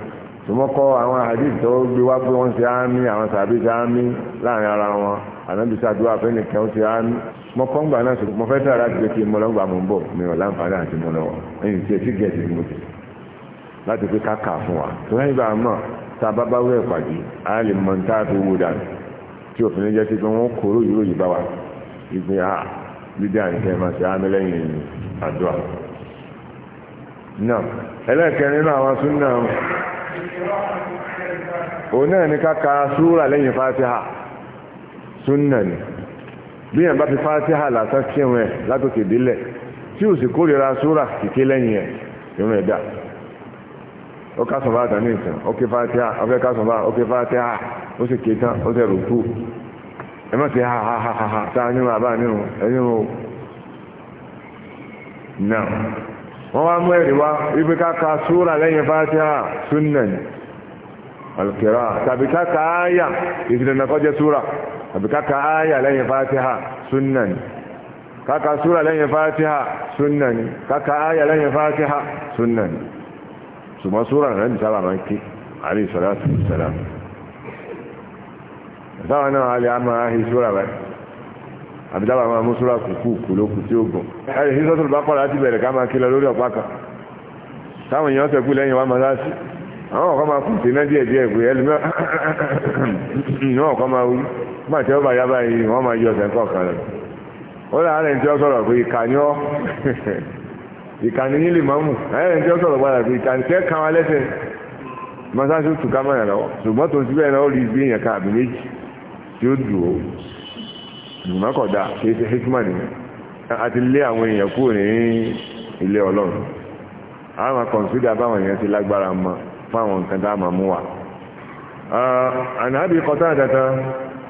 tòmọ́kọ́ àwọn hadith tó gbé wá pé wọ́n ṣe àmì àwọn sàbí ṣe àmì láàrin ara wọn ànábi sàdúrà fẹ́ nìkan ṣe àmì mo kọ́ ń gbà náà sọ mo fẹ́ tààrà gbé kí mo lọ́gbà mo ń bọ̀ mi ò láǹfààní àti mo lọ́wọ́ láti fi káàkà fún wa tó lẹ́yìn bá mọ̀ tá a bá bá wẹ́ ìpàdé ní tí òfin jẹ́ sí pé wọ́n kóró ìró yìí bá wa ìgbé a dídá nìkẹ́ máa ṣe lẹ́yìn àdúrà náà ẹlẹ́ẹ̀kẹrin nínú àwọn súnà òun náà ní káàkà súrà lẹ́yìn fátíhà súnà ni bí yẹn bá fi lásán ẹ̀ látòkè délẹ̀ tí ò sì kórìíra súrà ó kásùn bá àtàní ìsìn ókè fàtíà ọfẹ́ kásùn bá ókè fàtíà ó sì ké tán ó sì rò tó ẹ má ti ha ha ha ha ha tá a nínú àbá nínú ẹyìn o náà wá mú ẹ̀rí wá ibi káka súra lẹ́yìn fàtíà súnà ni alùkìrà tàbí káka áyà ìsìlẹ̀nà kọjá súra tàbí káka áyà lẹ́yìn fàtíà súnà ni káka súra káka áyà ṣùgbọ́n sóra náà ní sábà máa ń ké àlè ìsọ̀rọ̀ àti ìsọ̀rọ̀ sábà náà alẹ́ a máa hí sóra rẹ̀ àbí dábàá máa mú sóra kùkú kù ló kù tí ó gùn ẹ̀rẹ̀ sí sọ́tò bá kọ́ra láti bẹ̀rẹ̀ ká máa ké lórí ọ̀pá kan táwọn èèyàn sẹ́kù lẹ́yìn wa máa láti àwọn ọ̀kan máa kù sí iná díẹ̀ pé ẹlòmíràn (coughs) ìnáwó máa wí (laughs) ìkànnì yín lè máa mú ẹ̀yìn tí ó sọ̀rọ̀ padà pé ìkànnì tẹ́ kan wa lẹ́sẹ̀ masáṣí ó na mọ́yà lọ́wọ́ ṣùgbọ́n tó ti bẹ́ẹ̀ náà ó rí ibi èèyàn kan àbí méjì tí ó dùn ó ìmọ̀kọ̀dá ṣe ni a ti lé àwọn èèyàn kúrò ní ilé ọlọ́run máa báwọn èèyàn ti lágbára mọ nǹkan a wa. kọ́tà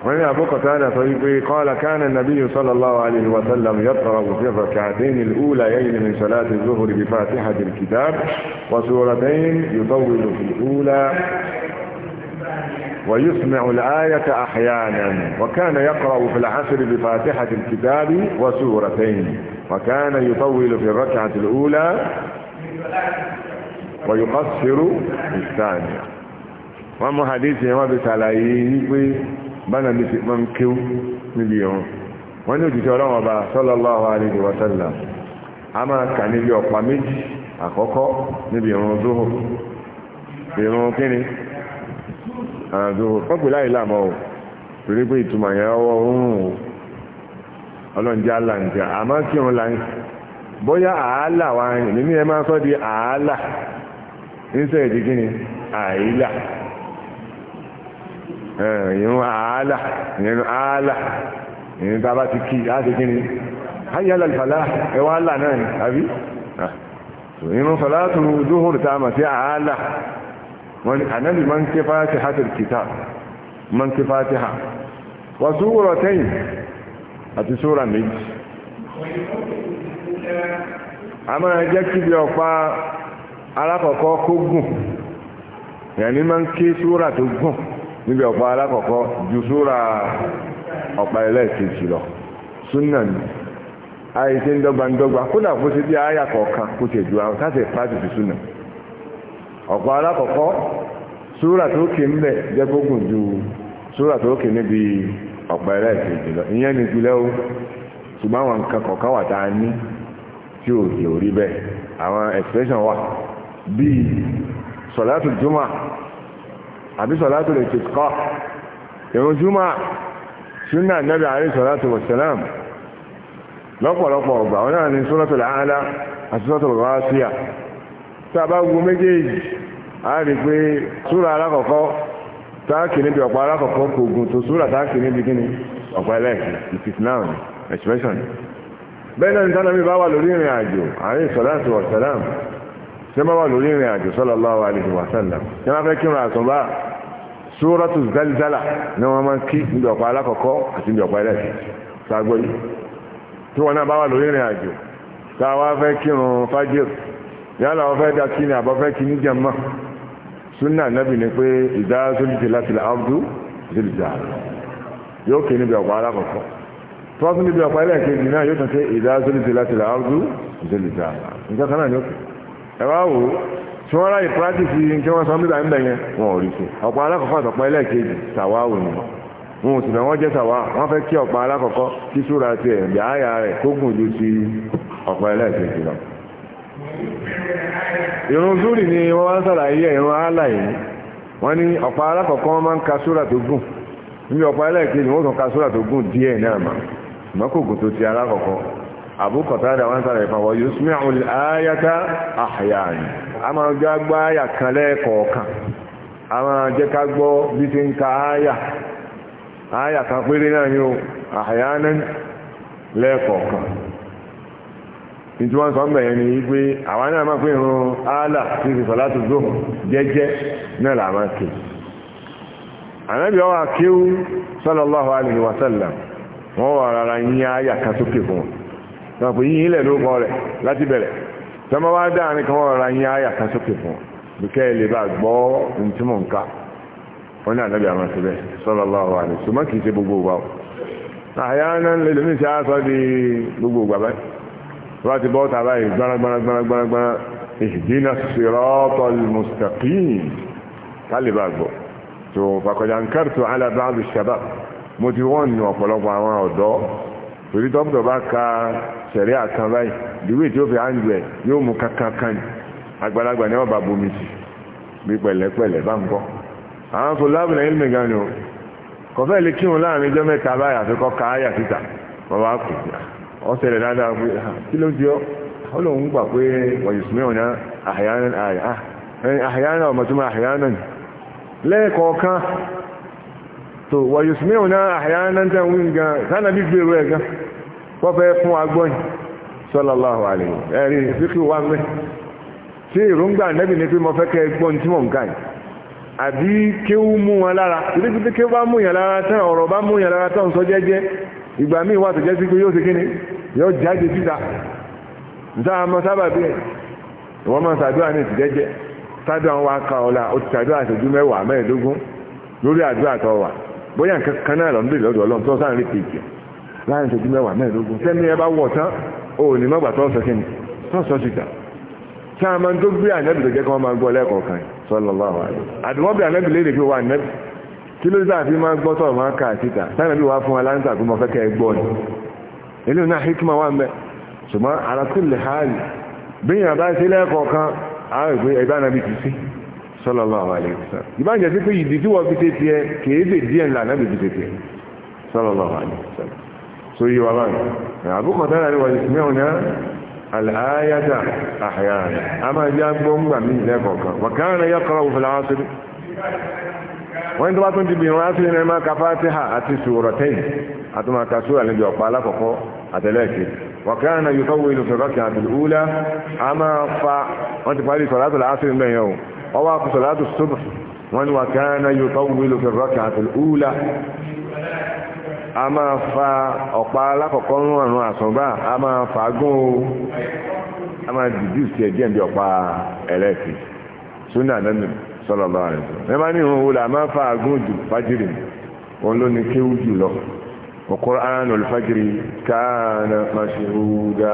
وإن أبو قتالة طيب، إيه، قال كان النبي صلى الله عليه وسلم يقرأ في الركعتين الأوليين من صلاة الظهر بفاتحة الكتاب وسورتين يطول في الأولى ويسمع الآية أحيانا وكان يقرأ في العصر بفاتحة الكتاب وسورتين وكان يطول في الركعة الأولى ويقصر في الثانية ومحديثه وبسلائيه bánà bí ma ń kéw níbi ìrun wọ́n ní òjìṣẹ́ ọlọ́run ọba sallallahu alaihi wa sallam a máa kà níbi ọ̀pá méjì àkọ́kọ́ níbi ìrun dóhò ìrun kíni àdóhò pọ́pù láì láàmọ́ o torí pé ìtumọ̀ yẹn ọwọ́ oòrùn o ọlọ́njẹ́ aláǹjẹ́ àmọ́ kí òun láǹ bóyá àálà wa nínú ẹ máa sọ́ di àálà ní sẹ́yìn kíni àìlà ìrún àálà ìrún àálà ìrún tá a bá ti kí láti kí ni ayé alàlùfàlà ẹwà àálà náà ni àbí ìrún sọ̀látù dúhùrù tá a mọ̀ sí àálà wọ́n ni ànábì máa ń ké fátíhà tó kìtà máa ń ké fátíhà wọ́n tẹ́yìn àti súwúrà méjì a máa jẹ́ kí ọ̀pá alákọ̀ọ́kọ́ kó gùn ìyàní máa ń ké tó gùn níbi ọ̀pá alákọ̀ọ́kọ́ ju súra ọ̀pá ẹlẹ́ẹ̀kejì lọ súnà ni àìsí ńdọ́gbandọ́gba kódà kó ṣe bí àyà kọ̀ọ̀kan kó ṣe ju àwọn káṣẹ̀ pàtì fi súnà ọ̀pá alákọ̀ọ́kọ́ súra tó kè ń bẹ̀ jẹ́ gbógun ju súra tó kè níbi ọ̀pá ẹlẹ́ẹ̀kejì lọ ìyẹn ni ìpìlẹ̀ o ṣùgbọ́n àwọn nǹkan kọ̀ọ̀kan wà tá a ní tí ò lè rí bẹ́ẹ̀ àwọn expression wà bíi sọ̀látù jùmọ̀ àbí sọ̀látò lè tìkọ́ ìrun júmọ́ súnà nẹ́bí àárín sọ̀látò wọ̀sẹ̀lám lọ́pọ̀lọpọ̀ ọgbà wọn náà ní sọ́látò làálá àti sọ́látò wàásíà tá a bá wo méjèèjì a rí pé súra alákọ̀ọ́kọ́ táàkì níbi ọ̀pá alákọ̀ọ́kọ́ kò gùn tó súra táàkì níbi kíni ọ̀pá ẹlẹ́ẹ̀kì ìfìsìláàmù expression bẹ́ẹ̀ náà ní sálàmì bá wà lórí ìrìn àjò àárín sọ́látò wọ̀sẹ̀lám ṣé má wà lórí ìrìn àjò sallallahu alaihi wasallam ṣé má sóràtù zálzálà ní wọ́n máa ń kí níbi ọ̀pá alákọ̀ọ́kọ́ àti níbi ọ̀pá ẹlẹ́sìn sáàgbọ́ yìí tí wọ́n náà bá wà lórí ìrìn àjò tá a wá fẹ́ kírun fájìr yálà wọ́n fẹ́ da kí ni àbọ̀ fẹ́ kí ní jẹ̀mọ́ súnà nábì ni pé ìdá sójútì láti la abdu zèlìjà yóò kí níbi ọ̀pá alákọ̀ọ́kọ́ tí wọ́n tún níbi ọ̀pá ẹlẹ́kejì náà yóò tún ṣe ìdá sójútì láti la abdu zèlìjà nǹkan kan náà ni ó kì ẹ tí wọ́n ráyè practice yìí kí wọ́n san bíbá ń wọn ò rí sí ọ̀pọ̀ alákọ̀ọ́kọ́ àtọ̀pọ̀ ẹlẹ́ẹ̀kejì wọn ò sì náà wọ́n jẹ́ sàwá wọ́n fẹ́ kí ọ̀pọ̀ alákọ̀ọ́kọ́ kí súra tiẹ̀ rẹ̀ gùn ju ti ọ̀pọ̀ ẹlẹ́ẹ̀kejì lọ. ka súra tó gùn ti a máa jẹ́ agbá àyà kan lẹ́ẹ̀kọ̀ọ̀kan a máa jẹ́ ká gbọ́ bí ti ń ka àyà àyà kan péré náà ni o àyánẹ́ lẹ́ẹ̀kọ̀ọ̀kan ìtí wọ́n sọ mẹ́rin ni wípé àwọn náà máa pín ìrun áàlà tí ti sọ láti zó jẹ́jẹ́ náà là máa ànábì ọwọ́ sallallahu alaihi wa wọn tọ́mọ wá dáàrin kan wọ́n ra yín àyà kan sókè fún bíkẹ́ ẹ lè bá gbọ́ ohun tí mò ń ká wọn ní ànábì àmọ́ síbẹ̀ sallallahu alaihi wasallam ṣùgbọ́n kì í ṣe gbogbo ìgbà o àyà náà ń lè lómi ṣe di gbogbo ìgbà báyìí wọ́n ti bọ́ tàbá yìí gbọ́nrangbọ́nrangbọ́nrangbọ́n ihdina siratal mustaqim ká lè bá gbọ́ tó fàkọ̀jà ń kẹ́rìtò ala ba'd mo ti wọ́n nù ọ̀pọ̀lọpọ̀ àwọn ọ̀dọ́ torí dókítà bá ka sẹ̀rí àkàn báyìí ìdíwé tí ó fi áńdù yóò mú kankan kan ní àgbàlagbà ní ọba bomi sí bí pẹ̀lẹ́pẹ̀lẹ́ bá ń gbọ́ àwọn kò ilmi gan ni o kò lè kírun láàrin ijọ́ mẹ́ta báyìí àfikọ́ ka áyà síta wọ́n wá kù ọ́ sẹ̀rẹ̀ dáadáa pé ah, kí ló di ọ́ ó lóun gbà pé ah, ah, ọmọ tó máa ni lẹ́ẹ̀kọ̀ọ̀kan tó ń wọ́n fẹ́ fún agbọ́yìn sallallahu alaihi ẹ̀rí wá mẹ́ tí ìrúngbà nẹ́bì ní pé fẹ́ kẹ́ gbọ́n tí ń mú wọn lára bá lára tán ọ̀rọ̀ bá lára tán sọ jẹ́jẹ́ ìgbà míì wà tó jẹ́ sí pé yóò ṣe kíni yóò jáde síta sábà bí ẹ̀ ní aka ọ̀la ó ti ṣàdúrà àṣẹjú mẹ́wàá mẹ́ẹ̀ẹ́dógún lórí àdúrà tó wà bóyá láàrin ìṣẹ́jú mẹ́wàá mẹ́ẹ̀ẹ́dógún sẹ́ni ẹ bá wọ̀ tán o ò ní mọ́gbà tó ń sọ kíni tó ń sọ síta tí a máa ń tó gbé ànẹ́bì tó jẹ́ kí wọ́n máa gbọ́ lẹ́ẹ̀kọ̀ọ̀kan sallallahu alaihi àdùmọ́ bí ànẹ́bì léde pé wà ànẹ́bì kí ló sáà fi máa gbọ́ tọ̀ máa kà síta sáà bí wà fún wa láńsà pé mo fẹ́ kẹ́ ẹ gbọ́ ni eléyìí náà hikima wà ń bẹ ṣùgbọ́n ala kulli hal bíyìn àbá sí lẹ́ẹ̀kọ̀ọ̀kan àwọn ìpè ẹgbẹ́ ànẹ́bì ti sí sallallahu alaihi ìbáǹjẹ́ sí pé ìdí tí wọ́n fi ṣe tiẹ̀ kèé سوي وغاني يعني أبو قتالة ويسمعنا الآية أحيانا أما جابهم من ذلك وكان يقرأ في العاصر وإن تبعتم جبين العاصر إنما كفاتها أتي سورتين أتما كسورة لنجو أقبالك وقو أتلاك وكان يطول في الركعة الأولى أما ف وإنت فالي صلاة العاصر من يوم وواقف صلاة الصبح وإن وكان يطول في الركعة الأولى a máa fa ọ̀pá alákọ̀ọ́kọ́ ń rọrùn a máa fa gún o a máa dìdú sí ẹ̀dí ẹ̀bí ọ̀pá ẹlẹ́ẹ̀kì súnà nínú sọ̀rọ̀ bá rẹ̀ sọ. ẹ máa ní ìhun wo la máa fa gún jù fájìrì òun ló ní kéwú jù lọ Qur'anul fajri kana mashhuda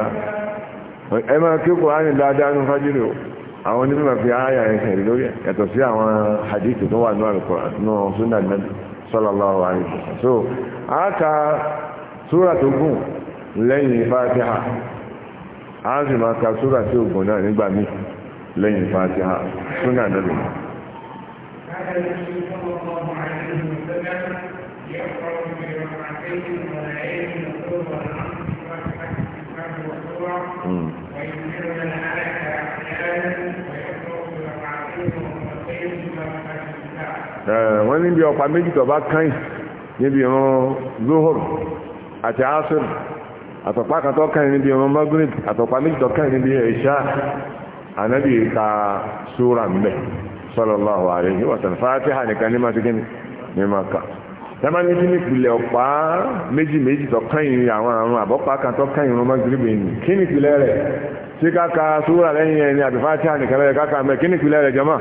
ẹ máa kí Qur'an dáadáa ní fájìrì o àwọn onímọ̀ fi ááyà ẹ̀sẹ̀ lórí ẹ̀tọ̀ sí àwọn hadith tó wà sallallahu alaihi so a ka súrà lẹ́yìn fatiha a sì ka súrà tí náà nígbà lẹ́yìn fatiha Suna Thank Eh, wọ́n níbi ọ̀pá méjì tó bá níbi ìran zuhur àti asir àtọ̀pá kan tó kàn níbi ìran magrib àtọ̀pá méjì níbi ka súra mbẹ sallallahu alaihi wa sallam fatiha nìkan ní masu ní maka tẹ́mà ní ní ìpìlẹ̀ ọ̀pá méjì méjì àwọn àrùn àbọ̀pá kan ìran magrib ni kí ìpìlẹ̀ rẹ̀ káka lẹ́yìn ẹni àbí nìkan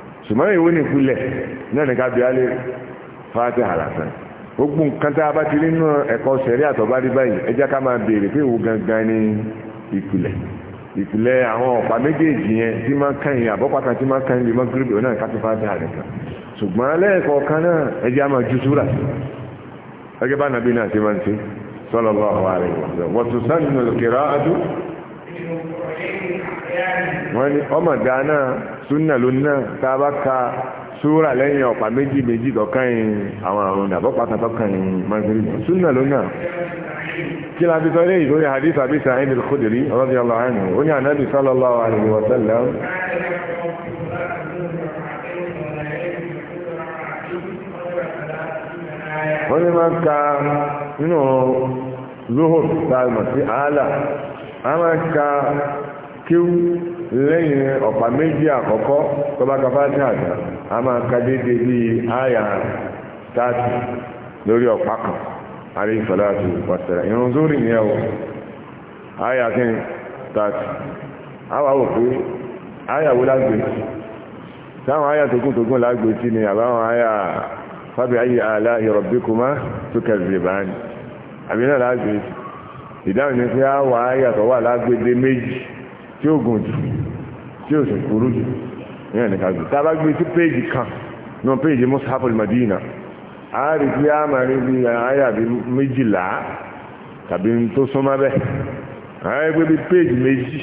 ṣùgbọ́n ìwé nìkulẹ̀ náà ní kábíyá lè fàájì àlàsàn gbogbo nǹkan tá a bá ti nínú ẹ̀kọ́ sẹ̀rí àtọ̀bá báyìí ẹ ká máa béèrè pé ìwò gangan ni ìpìlẹ̀ ìpìlẹ̀ àwọn ọ̀pá méjèèjì yẹn tí máa kàn yín àbọ̀pàtà tí máa kàn yín gírígbì náà ká ti fàájì àlàsàn ṣùgbọ́n lẹ́ẹ̀kọ̀ọ̀kan náà ẹ á máa ju súrà ẹgẹ́ bá nàbí náà máa ń ṣe wọ́n ní ọmọ gánà súnà lónà tá a bá ka súrà lẹ́yìn ọ̀pá méjì méjì tọ́kàn yìí àwọn àrùn ìdàbọ̀ pàtàkì tọ́kàn yìí mọ́tìrì súnà lónà kí la fi sọ lé ìlú hadith Abi Sa'id al-Khudri radiyallahu anhu ó ní ànábì sallallahu alaihi wa sallam wọ́n ní máa ń ka nínú zuhur tààmù sí àálà a máa ń ka kíw lẹ́yìn ọ̀pá méjì àkọ́kọ́ tó bá a máa ka déédéé bí àyà táàtì lórí ọ̀pá kan àrí irun o àyà kí ni táàtì a wà wò pé àyà wo lágbè táwọn àyà tókùn tókùn lágbè sí ni àbáwọn àyà fábí ayé àlá ìrọ̀bíkùmá tó kẹ̀sì báyìí àbí náà lágbè ìdáhùn ni pé a wà àyà tó wà tí ó gùn jù tí ó sì kúrú jù ní ẹ̀nìkà jù tá a bá gbé sí péèjì kan náà péèjì Mushaf madina a rí pé a máa rí bí àyà bí méjìlá tàbí tó súnmọ́ bẹ́ẹ̀ àwọn ẹgbẹ́ bí péèjì méjì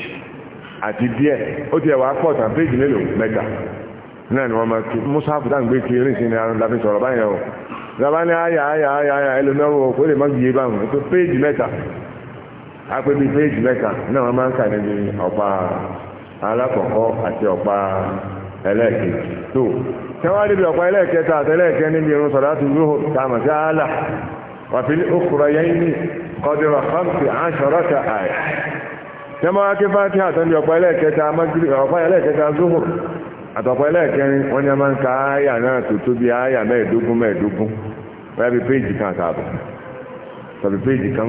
àti díẹ̀ ó ti ẹ̀wà pọ̀ tàn péèjì mélòó mẹ́ta náà ni wọ́n máa tu Mushaf dáńgbé kiri sí ni àwọn láfi sọ̀rọ̀ báyẹn o ìjọba ní àyà àyà àyà ẹlòmíràn wò ó pé lè má gbé báwọn pé péèjì mẹ́ta apẹbi péjì mẹ́ta náà wọ́n máa ń kà níbi ọ̀pá alákọ̀ọ́kọ́ àti ọ̀pá ẹlẹ́ẹ̀kejì tó tẹ́wọ́n níbi ọ̀pá ẹlẹ́ẹ̀kẹta àtẹ́lẹ́ẹ̀kẹ́ níbi irun sọ̀rọ̀ láti lóhò tààmà sí àálà wàfi okùnrọ̀ yẹn ní kọ́dúnrọ̀ kọ́mpì àṣọrọ́ta àyà tẹ́wọ́n wá ní a máa ń ka àyà náà tó tóbi àyà yà bí péjì kan péjì kan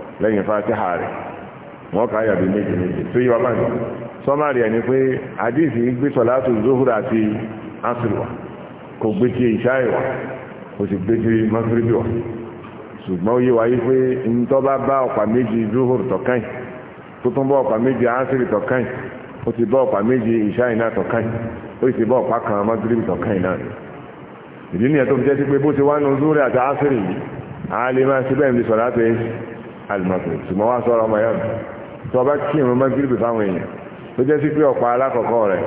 lẹ́yìn fatiha rẹ̀ wọ́n kà yàbí méjì méjì tó yíwa báyìí ẹni pé àdìsí gbé àti kò gbé tí ìṣáì wà kò sì gbé tí magribi wà ṣùgbọ́n wáyé pé ntọ́ bá bá ọ̀pá méjì zuhura tọ̀kàn tó tún bá ọ̀pá méjì asiri tọ̀kàn ó ti bá ọ̀pá méjì ìṣáì náà tọ̀kàn ó sì bá ọ̀pá kan magribi tọ̀kàn náà ìdí nìyẹn tó fi jẹ́ sí pé bó ti wá nu asiri alimọ̀tò ṣùgbọ́n wá sọ̀rọ̀ ọmọ yẹn tí wọ́n bá kí ìrún mọ́gírìbì fáwọn èèyàn tó jẹ́ sí pé ọ̀pá alákọ̀ọ́kọ́ rẹ̀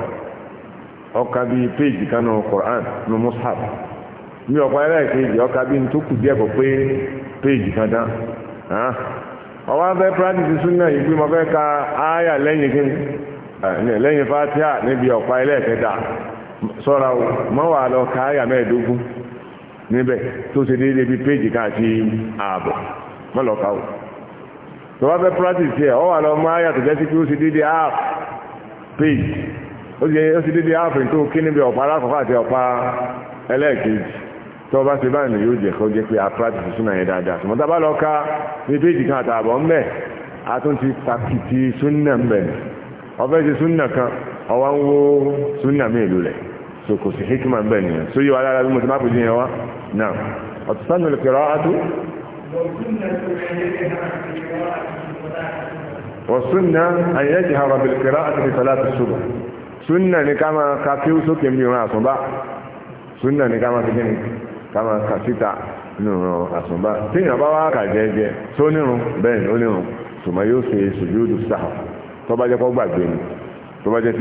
ọkà bíi péjì kanú Qur'an nu mushaf ní ọ̀pá ẹlẹ́ẹ̀kejì ọkà bíi tó kù díẹ̀ kó pé péjì kan dán ọwọ́ yìí pé mo fẹ́ ka áyà lẹ́yìn kí lẹ́yìn fatia níbi ọ̀pá ẹlẹ́ẹ̀kẹta sọ́ra mọ́ wà lọ ka áyà mẹ́ẹ̀ẹ́dógún níbẹ̀ tó ṣe déédéé péjì mọ́ tó bá fẹ́ practice ẹ̀ ọ wà lọ mọ́ àyà tó jẹ́ sí pé ó sì dédé half page ó sì ó sì dédé half tó kí níbi ọ̀pá alákọ̀ọ́kọ́ àti ọ̀pá ẹlẹ́ẹ̀kejì tó bá ṣe báyìí yóò jẹ́ kó jẹ́ pé a practice súnà yẹn dáadáa ṣùgbọ́n tá a bá lọ ka ní page kan àtààbọ̀ ńbẹ̀ a tún ti takìtì súnà ńbẹ̀ ọbẹ̀ ṣe súnà kan ọwọ́ ń wo súnà mi ìlú rẹ̀ so kò sí hikima ńbẹ̀ nìyẹn so yíwa lára bí mo ti má pè والسنة أن يجهر بالقراءة في صلاة الصبح سنة كما كافيو سوكي ميونا kama kàfítà nínú àsùnbá tí èèyàn ni Kama nírun tùmọ̀ yóò ṣe sùjúdù sáà tó bá jẹ́ kó gbàgbé ni tó bá jẹ́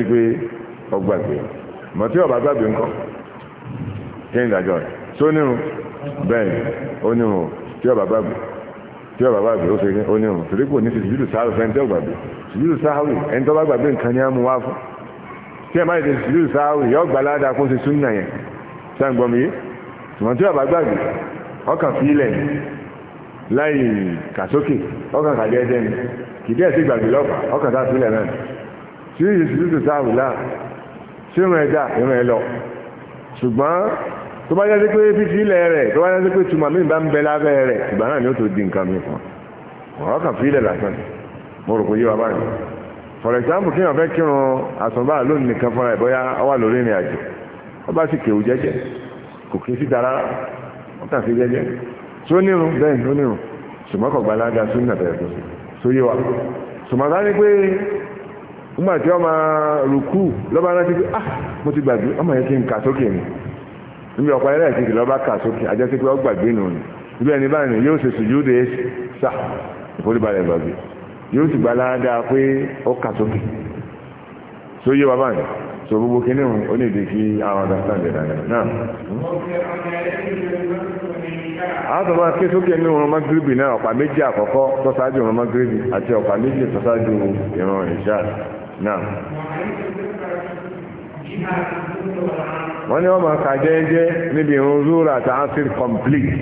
sí pé ó tí ọba bá gbé tí ọba bá gbé ó ṣe ó ní ọ̀run torí kò ní ti sùjúdù sáà fẹ́ ẹni tí ọba gbé sùjúdù sáà wì ẹni tó bá gbàgbé nǹkan ni á mú wá fún tí ẹ má ti sùjúdù sáà wì yọ gbà ládàá kó ṣe súnà yẹn sáǹgbọ̀mí yìí ṣùgbọ́n tí ọba gbàgbé ọkàn fi ilẹ̀ láì kàsókè ọkàn kàdé ẹ̀jẹ̀ ni kìdí ẹ̀ tó bá jẹ́ pé ilẹ̀ rẹ̀ tó bá jẹ́ pé tuma mi bá ń bẹ lábẹ́ rẹ̀ ìgbà náà ni ó tó di nǹkan mi fún ọ̀rọ̀ báyìí for example kí fẹ́ kírun lónìí nìkan fúnra ẹ̀ bóyá wà lórí ìrìn àjò bá sì jẹ́jẹ́ kò kí kàn gbalaga tó yé wa tí rùkú lọ́ba rántí pé ah mo níbi ọ̀pá ẹ̀rẹ́ ìkejì lọ́ba kà sókè àjẹsí pé ó gbàgbé nù ní ibi ẹni báyìí yóò ṣe sùjúde sà ìforíbalẹ̀ gbàgbé yóò sì gba pé ó kà sókè tó yé wa báyìí tó gbogbo kíní òun ó lè dé àwọn náà. a sọ ké sókè ní òun na náà ọ̀pá méjì àkọ́kọ́ àti ọ̀pá méjì ìṣáà náà. wọ́n ní wọ́n máa kà jẹ́ẹ́jẹ́ níbi ìrun zúrù àti complete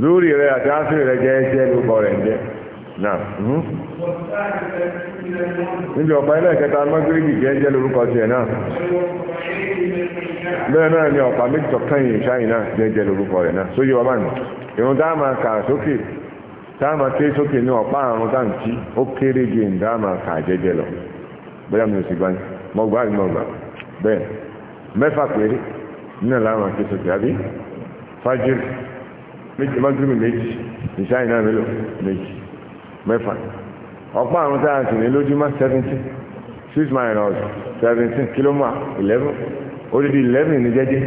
zúrù rẹ̀ àti asir rẹ̀ jẹ́ẹ́jẹ́ lórúkọ rẹ̀ jẹ́ náà mhm. níbi ọ̀pá ilé ìkẹta mọ́gírìbì jẹ́ẹ́jẹ́ lórúkọ tiẹ̀ náà bẹ́ẹ̀ náà ni ọ̀pá méjì tọ̀kan ṣáyìn náà jẹ́ẹ́jẹ́ lórúkọ rẹ̀ náà sójú ọba nù ìrun tá a máa kà sókè tá a máa ké sókè ní ọ̀pá àrùn táǹtí lọ bẹ́ẹ̀ mẹ́fà péré nínú làwọn akéso jáde fajiri méjì mọ́gírìmì méjì ìṣáì náà mélòó méjì mẹ́fà ọ̀pọ̀ àrùn tá a sì ní lójúmọ́ seventeen six minus seventeen kìlómà eleven odidi eleven ní jẹ́jẹ́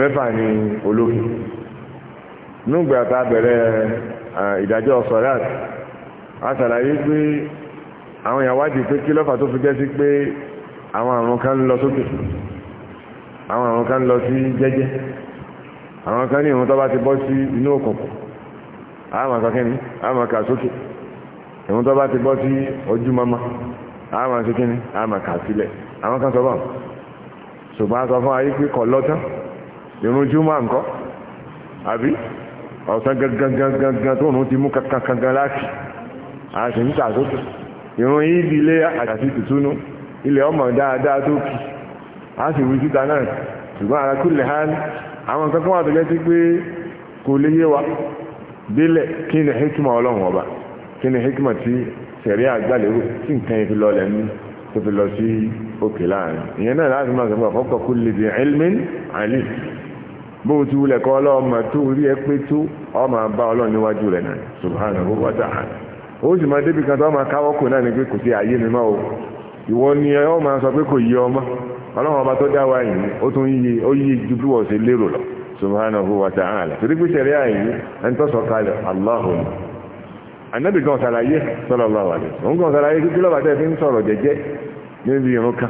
mẹ́fà ní olókè nígbà tá a bẹ̀rẹ̀ ìdájọ́ sọ̀rọ̀ àti àlàyé pé àwọn èèyàn wádìí pé kí lọ́fà tó fi jẹ́ sí pé àwọn àrùn kan lọ sókè àwọn àrùn kan lọ sí jẹ́jẹ́ àwọn kan ní ìrùn tó bá ti bọ́ sí inú òkùnkùn àmà kàkíní àmà kà sókè ìrùn tó bá ti bọ́ sí ojú mama àmà síkíní àmà kà sílẹ̀ àwọn kan sọ bá ṣùgbọ́n a sọ fún ayé pé kọ̀ lọ́tán ìrùn júmọ́ nǹkan àbí ọ̀sán gangan tó nù ti mú kankan láti àṣìǹkà sókè ìrùn yìí di ilé àkàtì tùtùnú ilẹ̀ ọmọ dáadáa tó kì á sì wí síta náà ṣùgbọ́n ara kúlẹ̀ ha ní àwọn nǹkan kan wà tó jẹ́ pé kò lè yé hikima ọlọ́run ọba kí ni tí sẹ̀rí fi lọ lẹ́nu tó fi lọ sí òkè láàrin ìyẹn náà láti máa sọ̀rọ̀ lè di bó ti wulẹ̀ kọ́ tó rí ẹ pé tó ọmọ bá ọlọ́run níwájú rẹ̀ náà subhanahu wa ó o ìwọ ni ẹ ọ máa sọ pé kò yí ọmọ ọlọ́run ọba tó dá wa yìí ó tún yí ó yí ju bí wọ́n lọ subhanahu wa ta'ala torí pé ṣẹ̀rí àyè ẹni tó sọ kalẹ̀ aláhùn anábì gan ṣàlàyé sallallahu alaihi òun gan ṣàlàyé kíkí lọ́ba tẹ́ fi ń sọ̀rọ̀ jẹ́jẹ́ níbi kan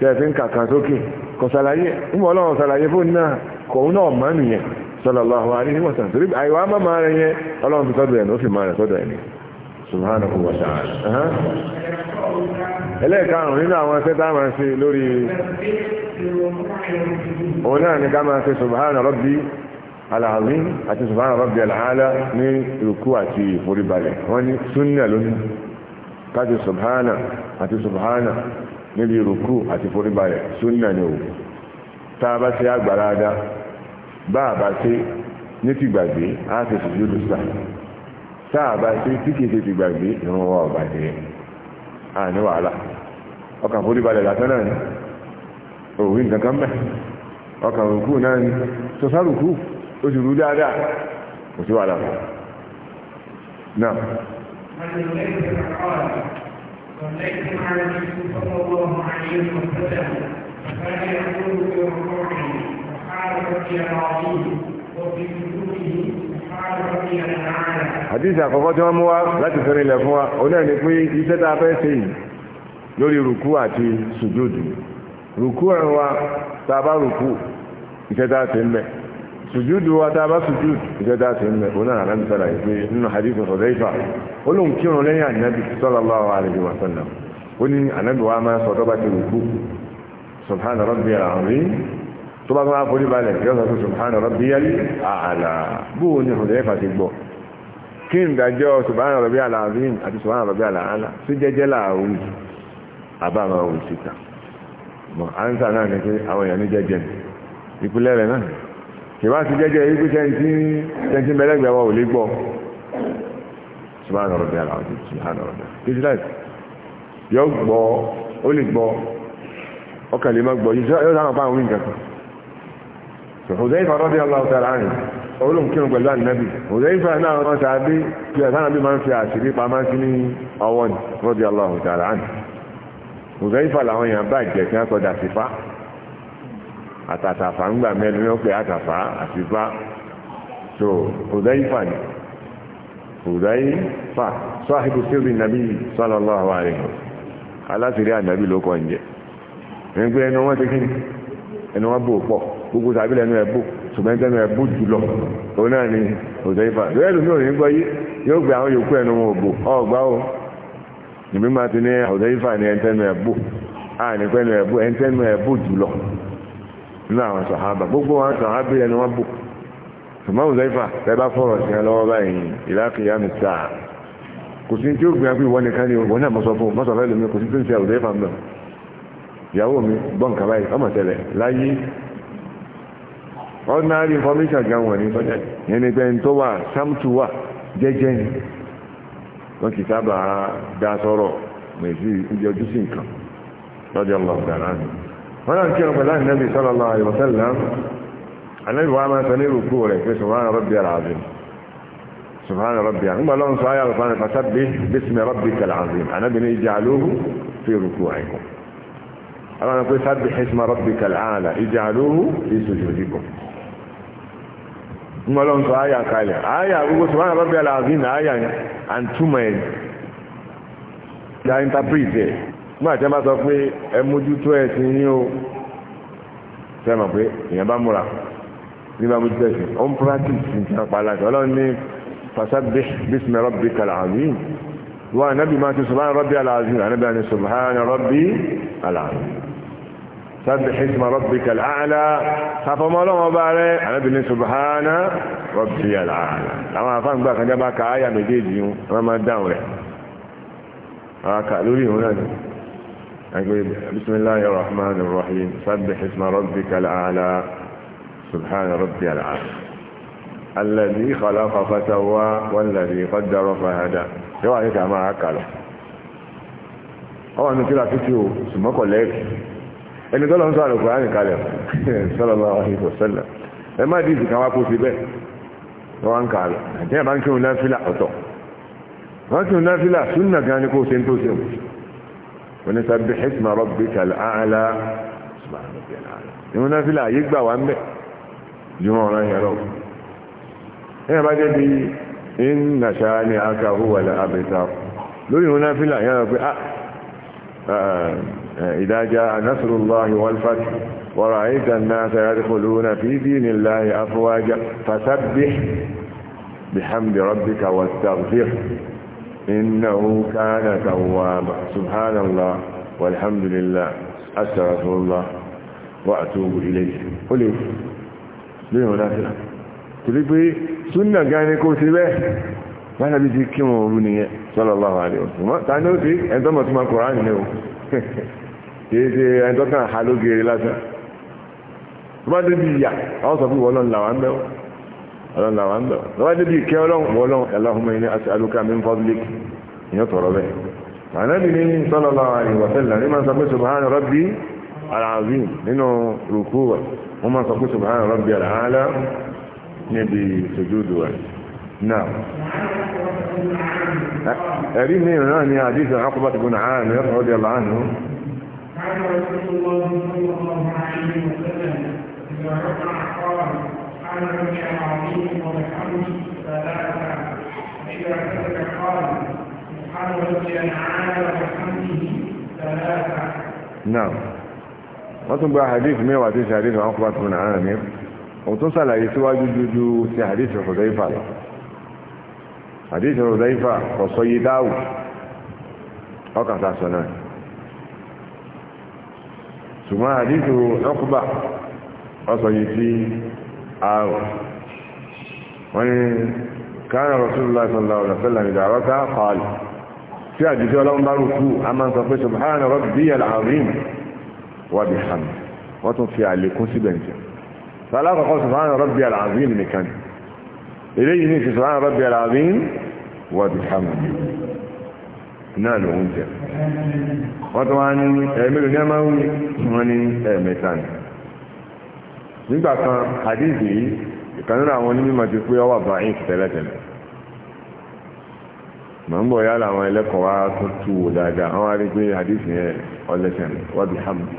tẹ́ fi ń kàkà sókè kò ṣàlàyé ń bọ̀ ọlọ́run ṣàlàyé fún náà kò ń náà mọ́ nìyẹn ẹlẹ́ẹ̀karùn nínú àwọn ẹsẹ́ tá a máa ṣe lórí òun náà ni ká máa ṣe subhana rabbi al-azim àti subhana rabbi al-ala ní ìrùkú àti ìforíbalẹ̀ wọ́n ní súnnà lónìí káti subhana àti subhana níbi ìrùkú àti ìforíbalẹ̀ súnnà ni ò àní ah, wàhálà ọkàn forí balẹ̀ látọ́ náà ni òwú nǹkan kan mẹ́ ọkàn rùkú náà ni sọ́sá rùkú ó sì rú dáadáa kò sí wàhálà fún náà. صليت مع النبي صلى الله عليه وسلم فكان يقول في ركوعه وحاربت àdìsí àkọ́kọ́ tí wọ́n mú wá láti fẹ́rin ilẹ̀ fún wa oní ẹni pé iṣẹ́ tá a fẹ́ ṣe yìí lórí rùkú àti sùjúdù rùkú ẹ̀ wa tá a bá rùkú iṣẹ́ tá a ṣe ń bẹ̀ sùjúdù wa tá a bá sùjúdù iṣẹ́ tá a ṣe ń bẹ̀ oní àná mi sọ̀rọ̀ yìí nínú àdìsí sọ̀rọ̀ ìfà ó lóun kírun lẹ́yìn ànábì sallallahu alaihi wa sallam ó ní ànábì wa máa sọ bá ti rùkú subhana rabbi alazim tó bá máa forí balẹ̀ yóò sọ subhana rabbiyal a'la bóò ní ọ̀dẹ́ ìfà ti gbọ́ kí n dájọ́ subhana rabbiyal azim àti subhana rabbiyal a'la sí jẹ́jẹ́ láàrú àbá máa wù síta mọ̀ áńsà náà ní pé àwọn èèyàn ní jẹ́jẹ́ ìpínlẹ̀ sí jẹ́jẹ́ ikú sẹ́ńtì sẹ́ńtì mẹ́lẹ́gbẹ̀ẹ́ lè má gbọ́ yóò sáwọn pa àwọn nǹkan kan Hùzẹ́fà ifa ọlọ́ọ̀tà biya olóhùn kírun pẹ̀lú ànábì Hùzẹ́fà náà rán sàábí tí ẹ̀sán àbí máa ń fi àṣírí pamá sí ní ọwọ́ ni ni Hùzẹ́fà sọ́hìbù sílùú ọrụ sallallahu alaihi aláṣírí ànábì ló kọ́ ń ọrụ ẹni gbogbo tàbí lẹ́nu ẹ̀bù ṣùgbọ́n tẹ́nu ẹ̀bù jùlọ òun náà ni òjò ìfà lóyè lómi ò ní gbọ́ yí yóò gbé àwọn yòókù ẹnu wọn òbò ọgbà o ìbí máa ti ní òjò ìfà ni ẹ̀ńtẹ́nu ẹ̀bù àní pẹ́nu ẹ̀bù ẹ̀ńtẹ́nu ẹ̀bù jùlọ nínú àwọn sàhábà gbogbo àwọn sàhábà ẹnu wọn bò ṣùgbọ́n òjò ìfà tẹ́ bá fọ̀rọ̀ sí ẹ lọ́wọ́ báyìí ìlàkìyà ordinary information gan wọ̀ ní sọ́jà ẹni pé ń tó wà sámtù wà jẹ́jẹ́ ni wọ́n kì í sábà dá sọ́rọ̀ mẹ̀sí ìjọjú sí nǹkan lọ́jọ́ lọ gbàrá ni wọ́n náà kí ọ̀pẹ̀lá ìnábì sallallahu alaihi wasallam anábì wa máa sọ ní ìrùkú rẹ̀ pé subhana rabbiyal azim subhana rabbiyal nígbà lọ́n sọ ayà rọ̀bí fasabbih bismi rabbikal azim anábì ní ij'aluhu fi ruku'ikum mọ́lọ́n sọ ayà kalẹ̀ ayà gbogbo sọ wọ́n bẹ́ẹ̀ láàrin ní ayà àǹtúmọ̀ ẹ̀ ya interpret ẹ̀ nígbà tí wọ́n bá sọ pé ẹ mójútó ẹ̀sìn yín o fẹ́ mọ̀ pé èèyàn bá múra ní bá mójútó ẹ̀sìn ó ń practice ní ti apá ọlọ́run ní fasabbih bismi rabbikal azim wọ́n ànábì máa ti subhana rabbi al azim ànábì àni subhana rabbi al azim سبح اسم ربك الأعلى سفما لهم باري أنا بني سبحان ربي الأعلى لما أفهم بقى كان جابك آية مجيزي وما الدولة هكا لولي هنا أقول بسم الله الرحمن الرحيم سبح اسم ربك الأعلى سبحان ربي الأعلى الذي خلق فسوى والذي قدر فهدى يوعيك ما أكله هو أنه كلا فيتيو سمكو ليك ẹni tọ́lọ ń sọ àlùkùránì kalẹ̀ (laughs) sallallahu alaihi wasallam ẹ má dìbì kan wá kó sí bẹ́ẹ̀ wọ́n ń kalẹ̀ àti ẹ̀bá ń kí òun náfìlà ọ̀tọ̀ wọ́n kí òun náfìlà súnà gan ni kó ṣe ń tó ṣe wọ́n ní sábẹ́ hisma rabbikal a'la ìwọ́n náfìlà ayé gbà wá ń bẹ̀ jùmọ̀ ọ̀rọ̀ yẹn lọ ẹ̀yà إذا جاء نصر الله والفتح ورأيت الناس يدخلون في دين الله أفواجا فسبح بحمد ربك واستغفر إنه كان توابا سبحان الله والحمد لله أستغفر الله وأتوب إليه قلت ليه نافلة تلقي سنة كان يكون سبه ما نبي تكيمه بنيه صلى الله عليه وسلم تعني أنت ما تسمع القرآن نيوه kìí ṣe ẹni tó kàn ha lógeere lásán tó bá débi ìyà àwọn sọ fún ìwọ ọlọ́run làwọn bẹ́ẹ̀ ọlọ́run làwọn bẹ́ẹ̀ tó débi ìkẹ́ ọlọ́run wọ ọlọ́run Allahumma inni as'aluka min fadlik ìyẹn tọ̀rọ̀ bẹ́ẹ̀ màánàbì ní sallallahu alaihi wa sallam ní máa sọ pé subhana rabbi al-azim nínú rùkú wa wọ́n máa sọ pé subhana rabbi al níbi sujudu wa نعم أريد من أن يعجز عقبة بن عامر رضي الله عنه نعم وتبقى حديث hadith حديث عقبه بن عامر àwọn ọkùnrin àmì ọ̀tún sàlàyé síwájú jújú àdéhìsì Hudhayfa ọ̀sọ́ yìí dáwù ọkàn sàṣọ náà ṣùgbọ́n àdéhìsì Uqba ọ̀sọ́ yìí tí àrùn wọ́n ni káàrà Rasulullah sallallahu alaihi wasallam idha raka qala tí àdìsí ọlọ́run bá rúkú a máa ń sọ pé subhana rabbiyal azim wa bihamdi wọ́n tún fi àlékún síbẹ̀ jẹ́ alákọ̀ọ́kọ́ subhana rabbiyal azim nìkan eléyìí ní subhana rabbiyal azim وبحمده نال وانت وطبعا اعملوا نموي واني اعمتان nígbà kan hadithi yìí ìkan nínú àwọn onímọ̀ ti pé ọwà bá yín tẹ́lẹ̀tẹ́lẹ̀ mà ń bọ̀ yálà àwọn ẹlẹ́kọ̀ọ́ wa hamdi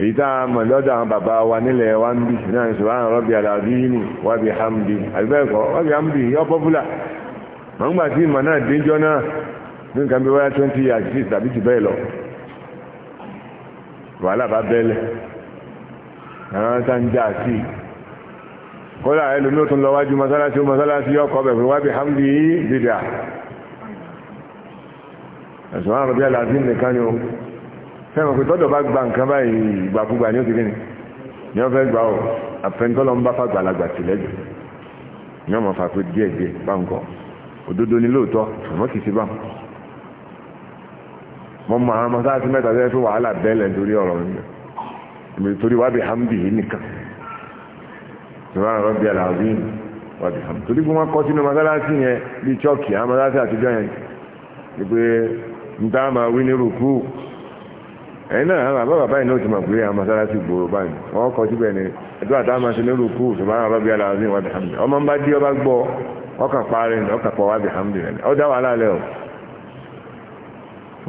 èyí tá a mọ̀ lọ́dọ̀ àwọn bàbá wa nílẹ̀ wa ń bí náà subhana rabbi al-azimi wa bihamdi àbíbẹ́ẹ̀kọ́ wa bihamdi yọ pọ́pùlà wọ́n gbà tí ìmọ̀ náà déjọ́ náà ní nǹkan bí wáyá 20 years sí tàbí jù bẹ́ẹ̀ lọ wàhálà bá bẹ́ẹ̀lẹ̀ àwọn tá ń já sí kọ́lá ẹlò ó tún lọ wájú mọ́sálásí mọ́sálásí ọkọ̀ bẹ̀rẹ̀ wá bí hamdi bídà ẹ̀sùn àwọn rọ̀bí àlàáfíà nìkan ni ó sẹ́wọ̀n pé tọ́jọ́ bá gba nǹkan báyìí ìgbàkúgbà ní òkèké ni ní wọ́n fẹ́ gbà ọ́ àfẹnitọ́lọ́ ń bá fàgbàlagbà tìlẹ́jù ní wọ́n mọ̀ fà pé díẹ̀ díẹ̀ bá ń kọ́ òdodo ni lóòótọ́ àmọ́ kìí ṣe bá wọn. mo mọ àwọn ọmọ sáà sí mẹ́ta tẹ́lẹ̀ fún wàhálà bẹ́ẹ̀lẹ̀ nítorí ọ̀rọ̀ mi èmi torí wà bí hamdi yìí nìkan ṣùgbọ́n àwọn ọ̀rọ̀ bí aláàbíyìn wà bí hamdi torí wọ́n kọ́ sínú mọ́sálásí yẹn bíi chọ́ọ̀kì àwọn mọ́sálásí àtijọ́ yẹn ni ẹ̀yìn náà bàbá bàbá yìí náà ti mọ̀ pé àwọn masalasi gbòòrò báyìí wọ́n kọ́ síbẹ̀ ni ẹ̀dọ́ àtàwọn máa ṣe ní olùkú ṣùgbọ́n àwọn bàbá yàrá ní wà bí hàmì ọmọ bá dí ọba gbọ́ ọkà parí ní ọkà pọ̀ wà bí hàmì rẹ̀ ọ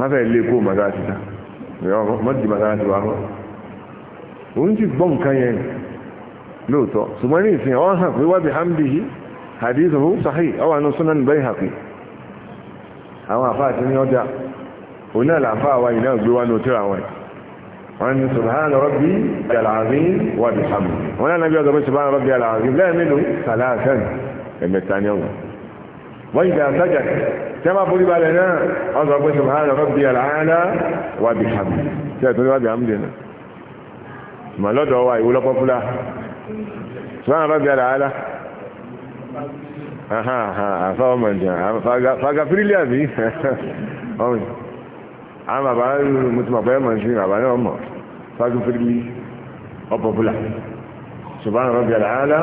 o lé kó masalasi ta masalasi wa òun ti nǹkan yẹn ṣùgbọ́n ní ìsìn ọ̀hún hàn pé òun náà làǹfà wa yìí náà gbé wá ربي العظيم àwọn wọn ni subhana rabbi al-azim wa bihamdi wọn náà nàbí ọgbẹ́ subhana rabbi al-azim lẹ́ẹ̀mẹ́lò sàlàsẹ́n ẹ̀mẹ́ta ní سبحان ربي yìí dáa sájà tẹ́ máa forí balẹ̀ náà wọ́n sọ pé subhana rabbi al-ala wa bihamdi tí a tó ní wa bihamdi náà mà lọ́dọ̀ wa ìwúlọ́ pọ́pùlà subhana rabbi al-ala aha aha àfáwọn mọ̀jẹ̀ fagafírílẹ̀ àbí (laughs) àwọn bàbá mo ti mọ̀ pé mọ̀ sí bàbá náà mọ̀ fájú fèrè ọ̀pọ̀ fúlà ṣùgbọ́n àwọn ọ̀bí àlàálá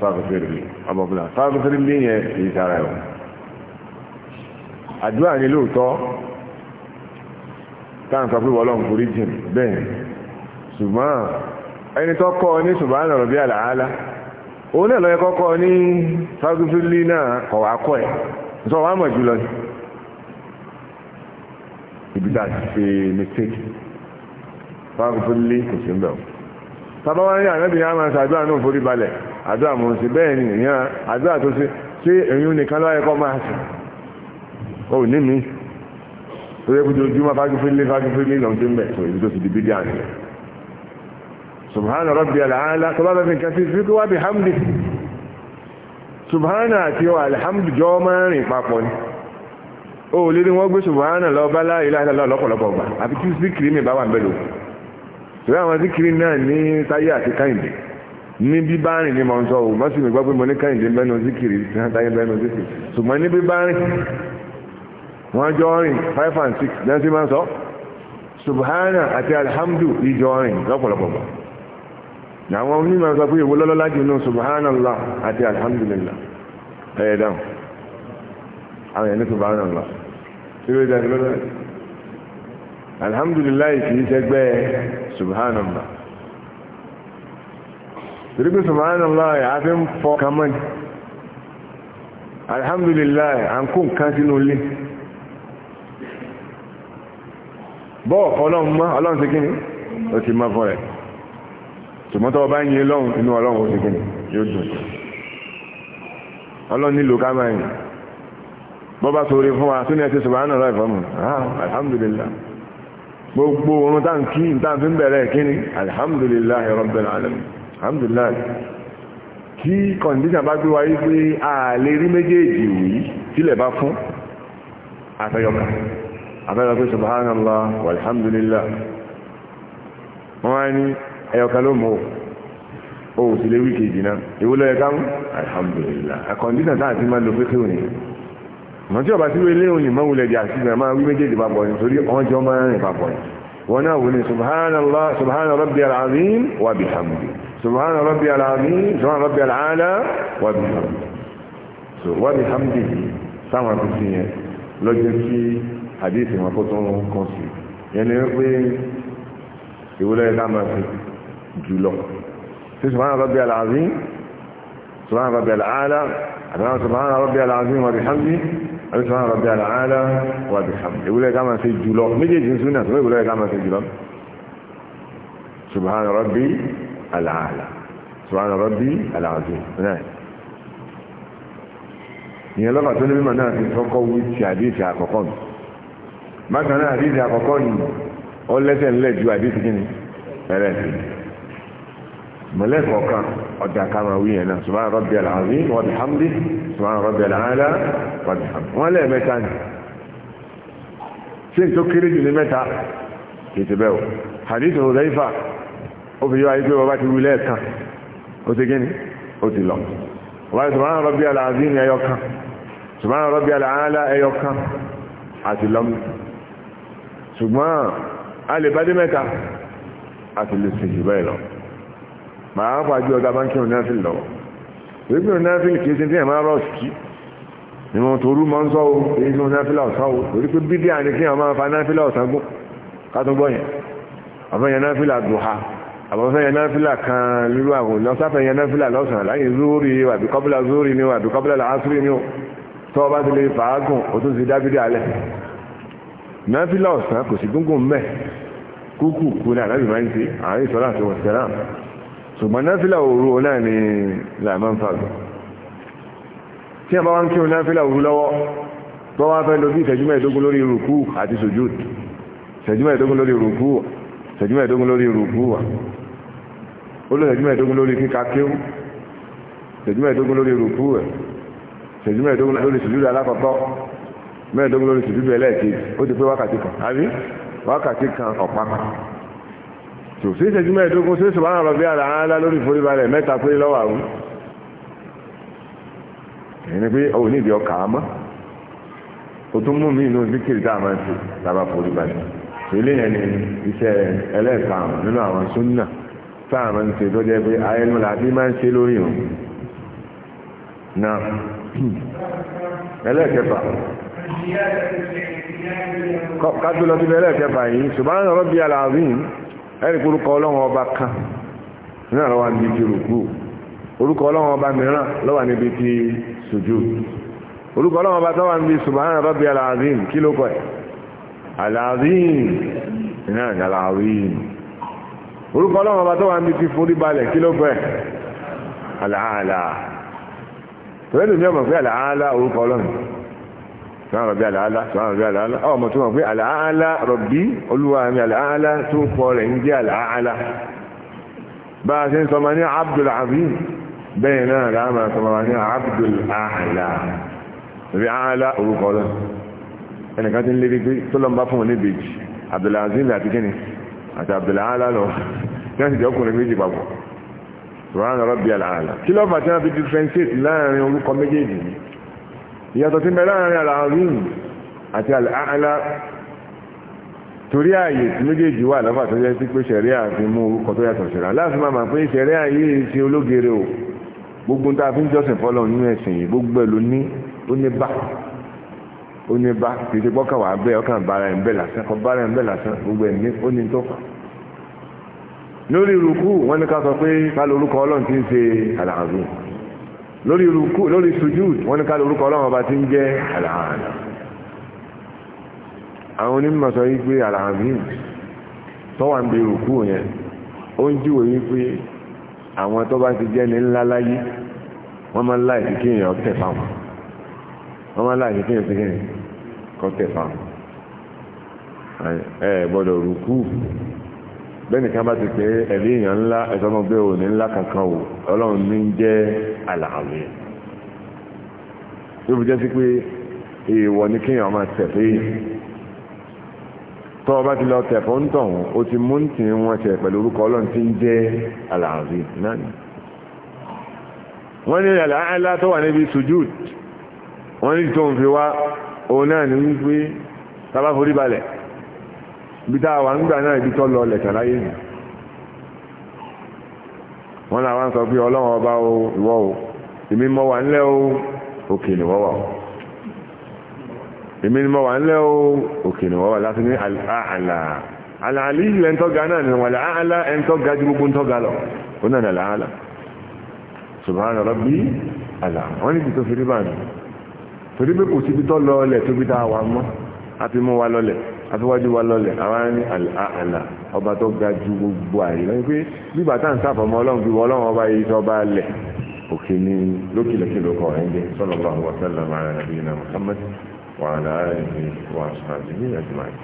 fájú fèrè ọ̀pọ̀ fúlà fájú fèrè yẹn kì í sára ẹ̀wọ̀n àdúrà ni lóòótọ́ táà ń sọ pé wọ́lọ́ bẹ́ẹ̀ ṣùgbọ́n ẹni tó ní ṣùgbọ́n ọ̀rọ̀ bí àlàálá náà lọ́yẹ kọ́kọ́ ní fájú náà kọ̀wá kọ́ ẹ̀ that's mistake fáfúlì kò sí mbẹ́ o sábà wá ní ànábì yẹn á máa ṣàdúrà náà forí balẹ̀ àdúrà mọ̀ sí bẹ́ẹ̀ ni ìyẹn àdúrà tó ṣe ṣé èyún nìkan lọ́yẹ kọ́ máa ṣe ó ní mi tó yẹ kójú ojúmọ́ fájúfínlé fájúfínlé lọ́n tó ń bẹ̀ tó ibi tó ti di bídíà nìyẹn subhana rabbi al'ala tó bá bẹ̀rẹ̀ nǹkan sí fi kó wá bi hamdi subhana àti alhamdu jọ máa papọ̀ ni ó lè rí wọ́n gbé ṣùgbọ́n lọ bá la ilaha illallah lọ́pọ̀lọpọ̀ gbà àfi tí síkìrì mi bá wà ń bẹ̀ lò ṣùgbọ́n àwọn síkìrì náà ní táyé àti káyìndé ní bíbárìn ni mo ń sọ ò mọ́sí mi gbọ́ pé mo ní káyìndé bẹ́nu síkìrì táyé bẹ́nu síkìrì ṣùgbọ́n ní bíbárìn wọ́n jọ rìn five and six lẹ́sí máa ń sọ subhana àti alhamdu ìjọ rìn lọ́pọ̀lọpọ̀ gbà làwọn onímọ̀ sọ pé ìwọlọ́lọ́lá jù náà subhanallah àti alhamdulillah ẹ̀ẹ́dáhùn àwọn èèyàn tó bá rẹ̀ lọ tí ó jẹ́ lọ́nà alhamdulilayi kì í ṣẹgbẹ́ subhanallah torí pé subhanallah yà á fi ń fọ kamani alhamdulilayi à ń kó nǹkan sínú ilé bọ́ọ̀ fọlọ́n mọ́ ọlọ́run ti kíni ó ti mọ́ fọ́ rẹ̀ tòmọ́tọ́ ọba ń lọ́run inú ọlọ́run ó ti kíni yóò dùn ọlọ́run nílò ká bọ́bá sórí fún wa tó ní ẹ̀sẹ̀ sọ̀rọ̀ àná ìfọ́mù alhamdulillah gbogbo orun tá n kí n tá n fi ń bẹ̀rẹ̀ kíni alhamdulillah rabbil alamin alhamdulillah kí kọ̀ǹdíṣàn bá gbé wáyé pé ààlè rí méjèèjì wí tílẹ̀ bá fún àfẹ́yọkà àfẹ́yọkà pé subhanallah walhamdulillah wọ́n wá ní ẹyọkà ló mọ̀ ó sì lè mọ̀ tí ọba tí wọ́n léwu ni mọ́wulẹ̀ di àti ìgbà máa wí méjèèjì papọ̀ ni torí ọjọ́ máa rìn papọ̀ ni wọn náà wò ní subhanallah subhana rabbi al-azim wa bihamdi subhana rabbi al-azim subhana rabbi al-ala wa bihamdi so wa bihamdi sáwọn akutí yẹn lọ́jọ́ kí hadith wọn tó ń kọ́ sí yẹn ni ìwúlẹ̀ yẹn náà jùlọ sí subhana rabbi al-azim subhana rabbi al-ala àti subhana rabbi al-azim wa alùsùnmọ́ rọ̀bì àlàáńlá wà bí hàm ìwúlẹ̀ ká máa ṣe jùlọ méjèèjì ń sún náà sọ́wọ́ ìwúlẹ̀ ká máa ṣe jùlọ subhan rọ̀bì àlàáńlá subhan rọ̀bì àlàáńlá náà ìyẹn lọ́kà tó ní mímọ̀ náà ti kọ́kọ́ wí ti àdéhìí àkọ́kọ́ mi bákan náà àdéhìí àkọ́kọ́ ni ó lẹ́sẹ̀ ńlẹ̀ ju àdéhìí kíni ẹ̀rẹ́ mọ̀lẹ́kọ̀ọ́ kan ọ̀dà kama wí yẹn náà subhana rabbiyal azim wa bihamdi subhana rabbiyal ala wa bihamdi wọ́n lẹ́ẹ̀ mẹ́ta ni ṣé n tó kéré jù ní mẹ́ta kìtì bẹ́ẹ̀ o hadith Hudhayfa ó fi yọ ayé pé bàbá ti wí lẹ́ẹ̀kan ó ti gíní ó ti lọ wọ́n subhana rabbiyal azim ẹyọ kan subhana rabbiyal ala ẹyọ kan àti lọ́mù ṣùgbọ́n a lè bá dé mẹ́ta àti lè ṣèjì bẹ́ẹ̀ lọ máa wá ju ọ̀gá báńkì ọ̀nà fìlì lọ́wọ́ wípé ọ̀nà fìlì kìí ṣe tí ẹ̀ máa rọ̀ọ̀sì kí ìwọ̀n torú máa ń sọ o èyí tí ọ̀nà fìlà ọ̀sán o torí pé bídí àní kí ọmọ afa náà fìlà ọ̀sán gùn kátó gbọ́ yẹn àfẹ́yẹn náà fìlà dùhà àbọ̀fẹ́yẹn náà fìlà kan lílo àwọn lọ́sàfẹ́yẹn náà fìlà lọ́sàn láyé zórí àbí kọ́bílà zórí ni àbí kọ́bílà làásùrì ni ṣùgbọ́n náfílà òru náà ni làmán fàgbà tí a bá wá ń kírun náfílà òru lọ́wọ́ tó wá fẹ́ lóbi ìṣẹ́jú mẹ́ẹ̀ẹ́dógún lórí rùkú àti sùjúd ìṣẹ́jú mẹ́ẹ̀ẹ́dógún lórí rùkú ìṣẹ́jú mẹ́ẹ̀ẹ́dógún lórí rùkú ó lọ ìṣẹ́jú mẹ́ẹ̀ẹ́dógún lórí kíka kéwù ìṣẹ́jú mẹ́ẹ̀ẹ́dógún lórí rùkú ẹ̀ ìṣẹ́jú mẹ́ẹ̀ẹ́dógún lórí wákàtí kan ọ̀pá kan tó sí ìṣẹ́jú mẹ́ẹ̀ẹ́dógún sí subhana rabbiyal a'la lórí ìforíbalẹ̀ mẹ́ta pé lọ́wọ́ àwọn ẹni pé ó ní ìdí ọkà mọ́ ó tún mú mi inú zikiri tá a máa ti lábà foríbalẹ̀ ilé yẹn ni iṣẹ́ ẹlẹ́ẹ̀kan nínú àwọn súnnà tá a máa ń ṣe tó jẹ́ pé ayẹnu làbí máa ń ṣe lórí òun náà ẹlẹ́ẹ̀kẹfà kájú lọ sí ẹlẹ́ẹ̀kẹfà yìí subhana rabbiyal azim ẹ̀rí orúkọ ọlọ́run ọba kan náà ló wà níbi ti rùkú orúkọ ọlọ́run ọba mìíràn ló níbi ti sujud orúkọ ọlọ́run ọba tó wà níbi subhana rabbi alazim kí ló kọ ẹ̀ alazim náà ní alazim orúkọ ọlọ́run ọba tó wà níbi ti forí balẹ̀ kí ló kọ ẹ̀ alaala tọ́lẹ́dùn ní ọmọ pé alaala orúkọ ọlọ́run sọ́nà rọ̀bí àlàálá sọ́nà rọ̀bí àlàálá ọ̀ mọ̀ tó mọ̀ pé àlàálá rọ̀bí olúwa mi àlàálá tó kọ rẹ̀ ń jẹ́ àlàálá bá a ṣe ń sọmọ ní Abdul Azim bẹ́ẹ̀ náà láàmà sọmọ ní Abdul A'la rẹ̀ àlá orúkọ lọ ẹnìkan ti ń lérí pé tó lọ́n bá fún ní bèjì Abdul Azim àti kíni àti Abdul A'la lọ kí wọ́n sì jẹ́ ọkùnrin méjì papọ̀ sọ̀rọ̀ àná rọ̀bí àlàálá kí lọ́fà ìyàtọ̀ tí mẹ́lá àárín al-azim àti al-a'la torí ààyè tí méjèèjì wà lọ́fà tó yẹ sí pé ṣẹ̀rí àfi mú orúkọ tó yàtọ̀ ṣẹ̀rá láti máa mà pé ṣẹ̀rí ààyè ti ológere o gbogbo tá a fi ń jọ́sìn fọ́lọ́ nínú ẹ̀sìn yìí gbogbo ẹ̀ ló ní ó ní bá ó ní bá kìí ṣe pọ́kàn wà bẹ́ẹ̀ ọkàn bára ẹ̀ ń bẹ̀ lásán kọ bára ẹ̀ ń bẹ̀ lásán gbogbo ẹ̀ ní ó ní tó fà lórí ìrùkù wọn ní ká sọ pé ká lórúkọ ọlọ́run ti ń ṣe al lórí rukú lórí sujúd wọ́n ní ká lórúkọ ọlọ́run ọba tí ń jẹ́ àlàáhàn àwọn onímọ̀ sọ wípé àlàáhàn yìí tọ́wà ń bẹ rukú yẹn ó ń júwò wípé àwọn tó bá ti jẹ́ ní ńlá láyé wọ́n máa ń láìsí kí èèyàn tẹ̀ fáwọn wọ́n máa ń láìsí kí èèyàn tẹ̀ fáwọn fáwọn ẹ gbọ́dọ̀ rukú bẹ́ẹ̀ nìkan bá ti pé ẹ̀rí èèyàn ńlá ẹ̀sọ́mọ́ ò ní ńlá kankan ò ọlọ́run ní jẹ́ àlàáwẹ̀ tó fi jẹ́ sí pé èèwọ̀ ní kéèyàn máa tẹ̀fẹ́ yìí tó o bá ti lọ tẹ̀fọ́ ń tọ̀hún o ti mú ti wọn tẹ̀ pẹ̀lú orúkọ ọlọ́run tí ń jẹ́ àlàáwẹ̀ náà ni wọ́n ní àlàáńlá tó wà níbi sujud wọ́n ní tó ń fi wá òun náà ní wípé tábà forí balẹ̀ bí táwa ń gbà náà ibi tó lọ lẹ̀kàn láyé nìyí wọ́n làwọn sọ pé ọlọ́run ọba o ìwọ o èmi mọ wà ńlẹ̀ o òkè ni wọ́n wà o èmi ni mọ wà ńlẹ̀ o òkè ni wọ́n wà láti ní àlà àlà àlì ilẹ̀ ńtọ́ga náà ni wọ́n là áhàlà ẹ̀ńtọ́ga ju gbogbo ńtọ́ga lọ ó náà nà láhàlà subhana rabbi àlà wọ́n ní ti tó fi rí báyìí torí pé kò síbi tó lọ ọlẹ̀ tóbi tá a wà mọ́ a mú wa lọlẹ̀ àtiwájú wa lọlẹ̀ àwọn ní àlà ọba tó ga ju gbogbo àyè lọ́yìn pé bí bàtà ń sàfọ̀mọ́ ọlọ́run fi wọ ọlọ́run ọba yìí sọba lẹ̀ òkè ní lókìlẹ̀kì ló kọ̀ ẹ́ ń jẹ́ sallallahu wa sallam ala nabiyina Muhammad wa ala alihi wa sahbihi ajma'in.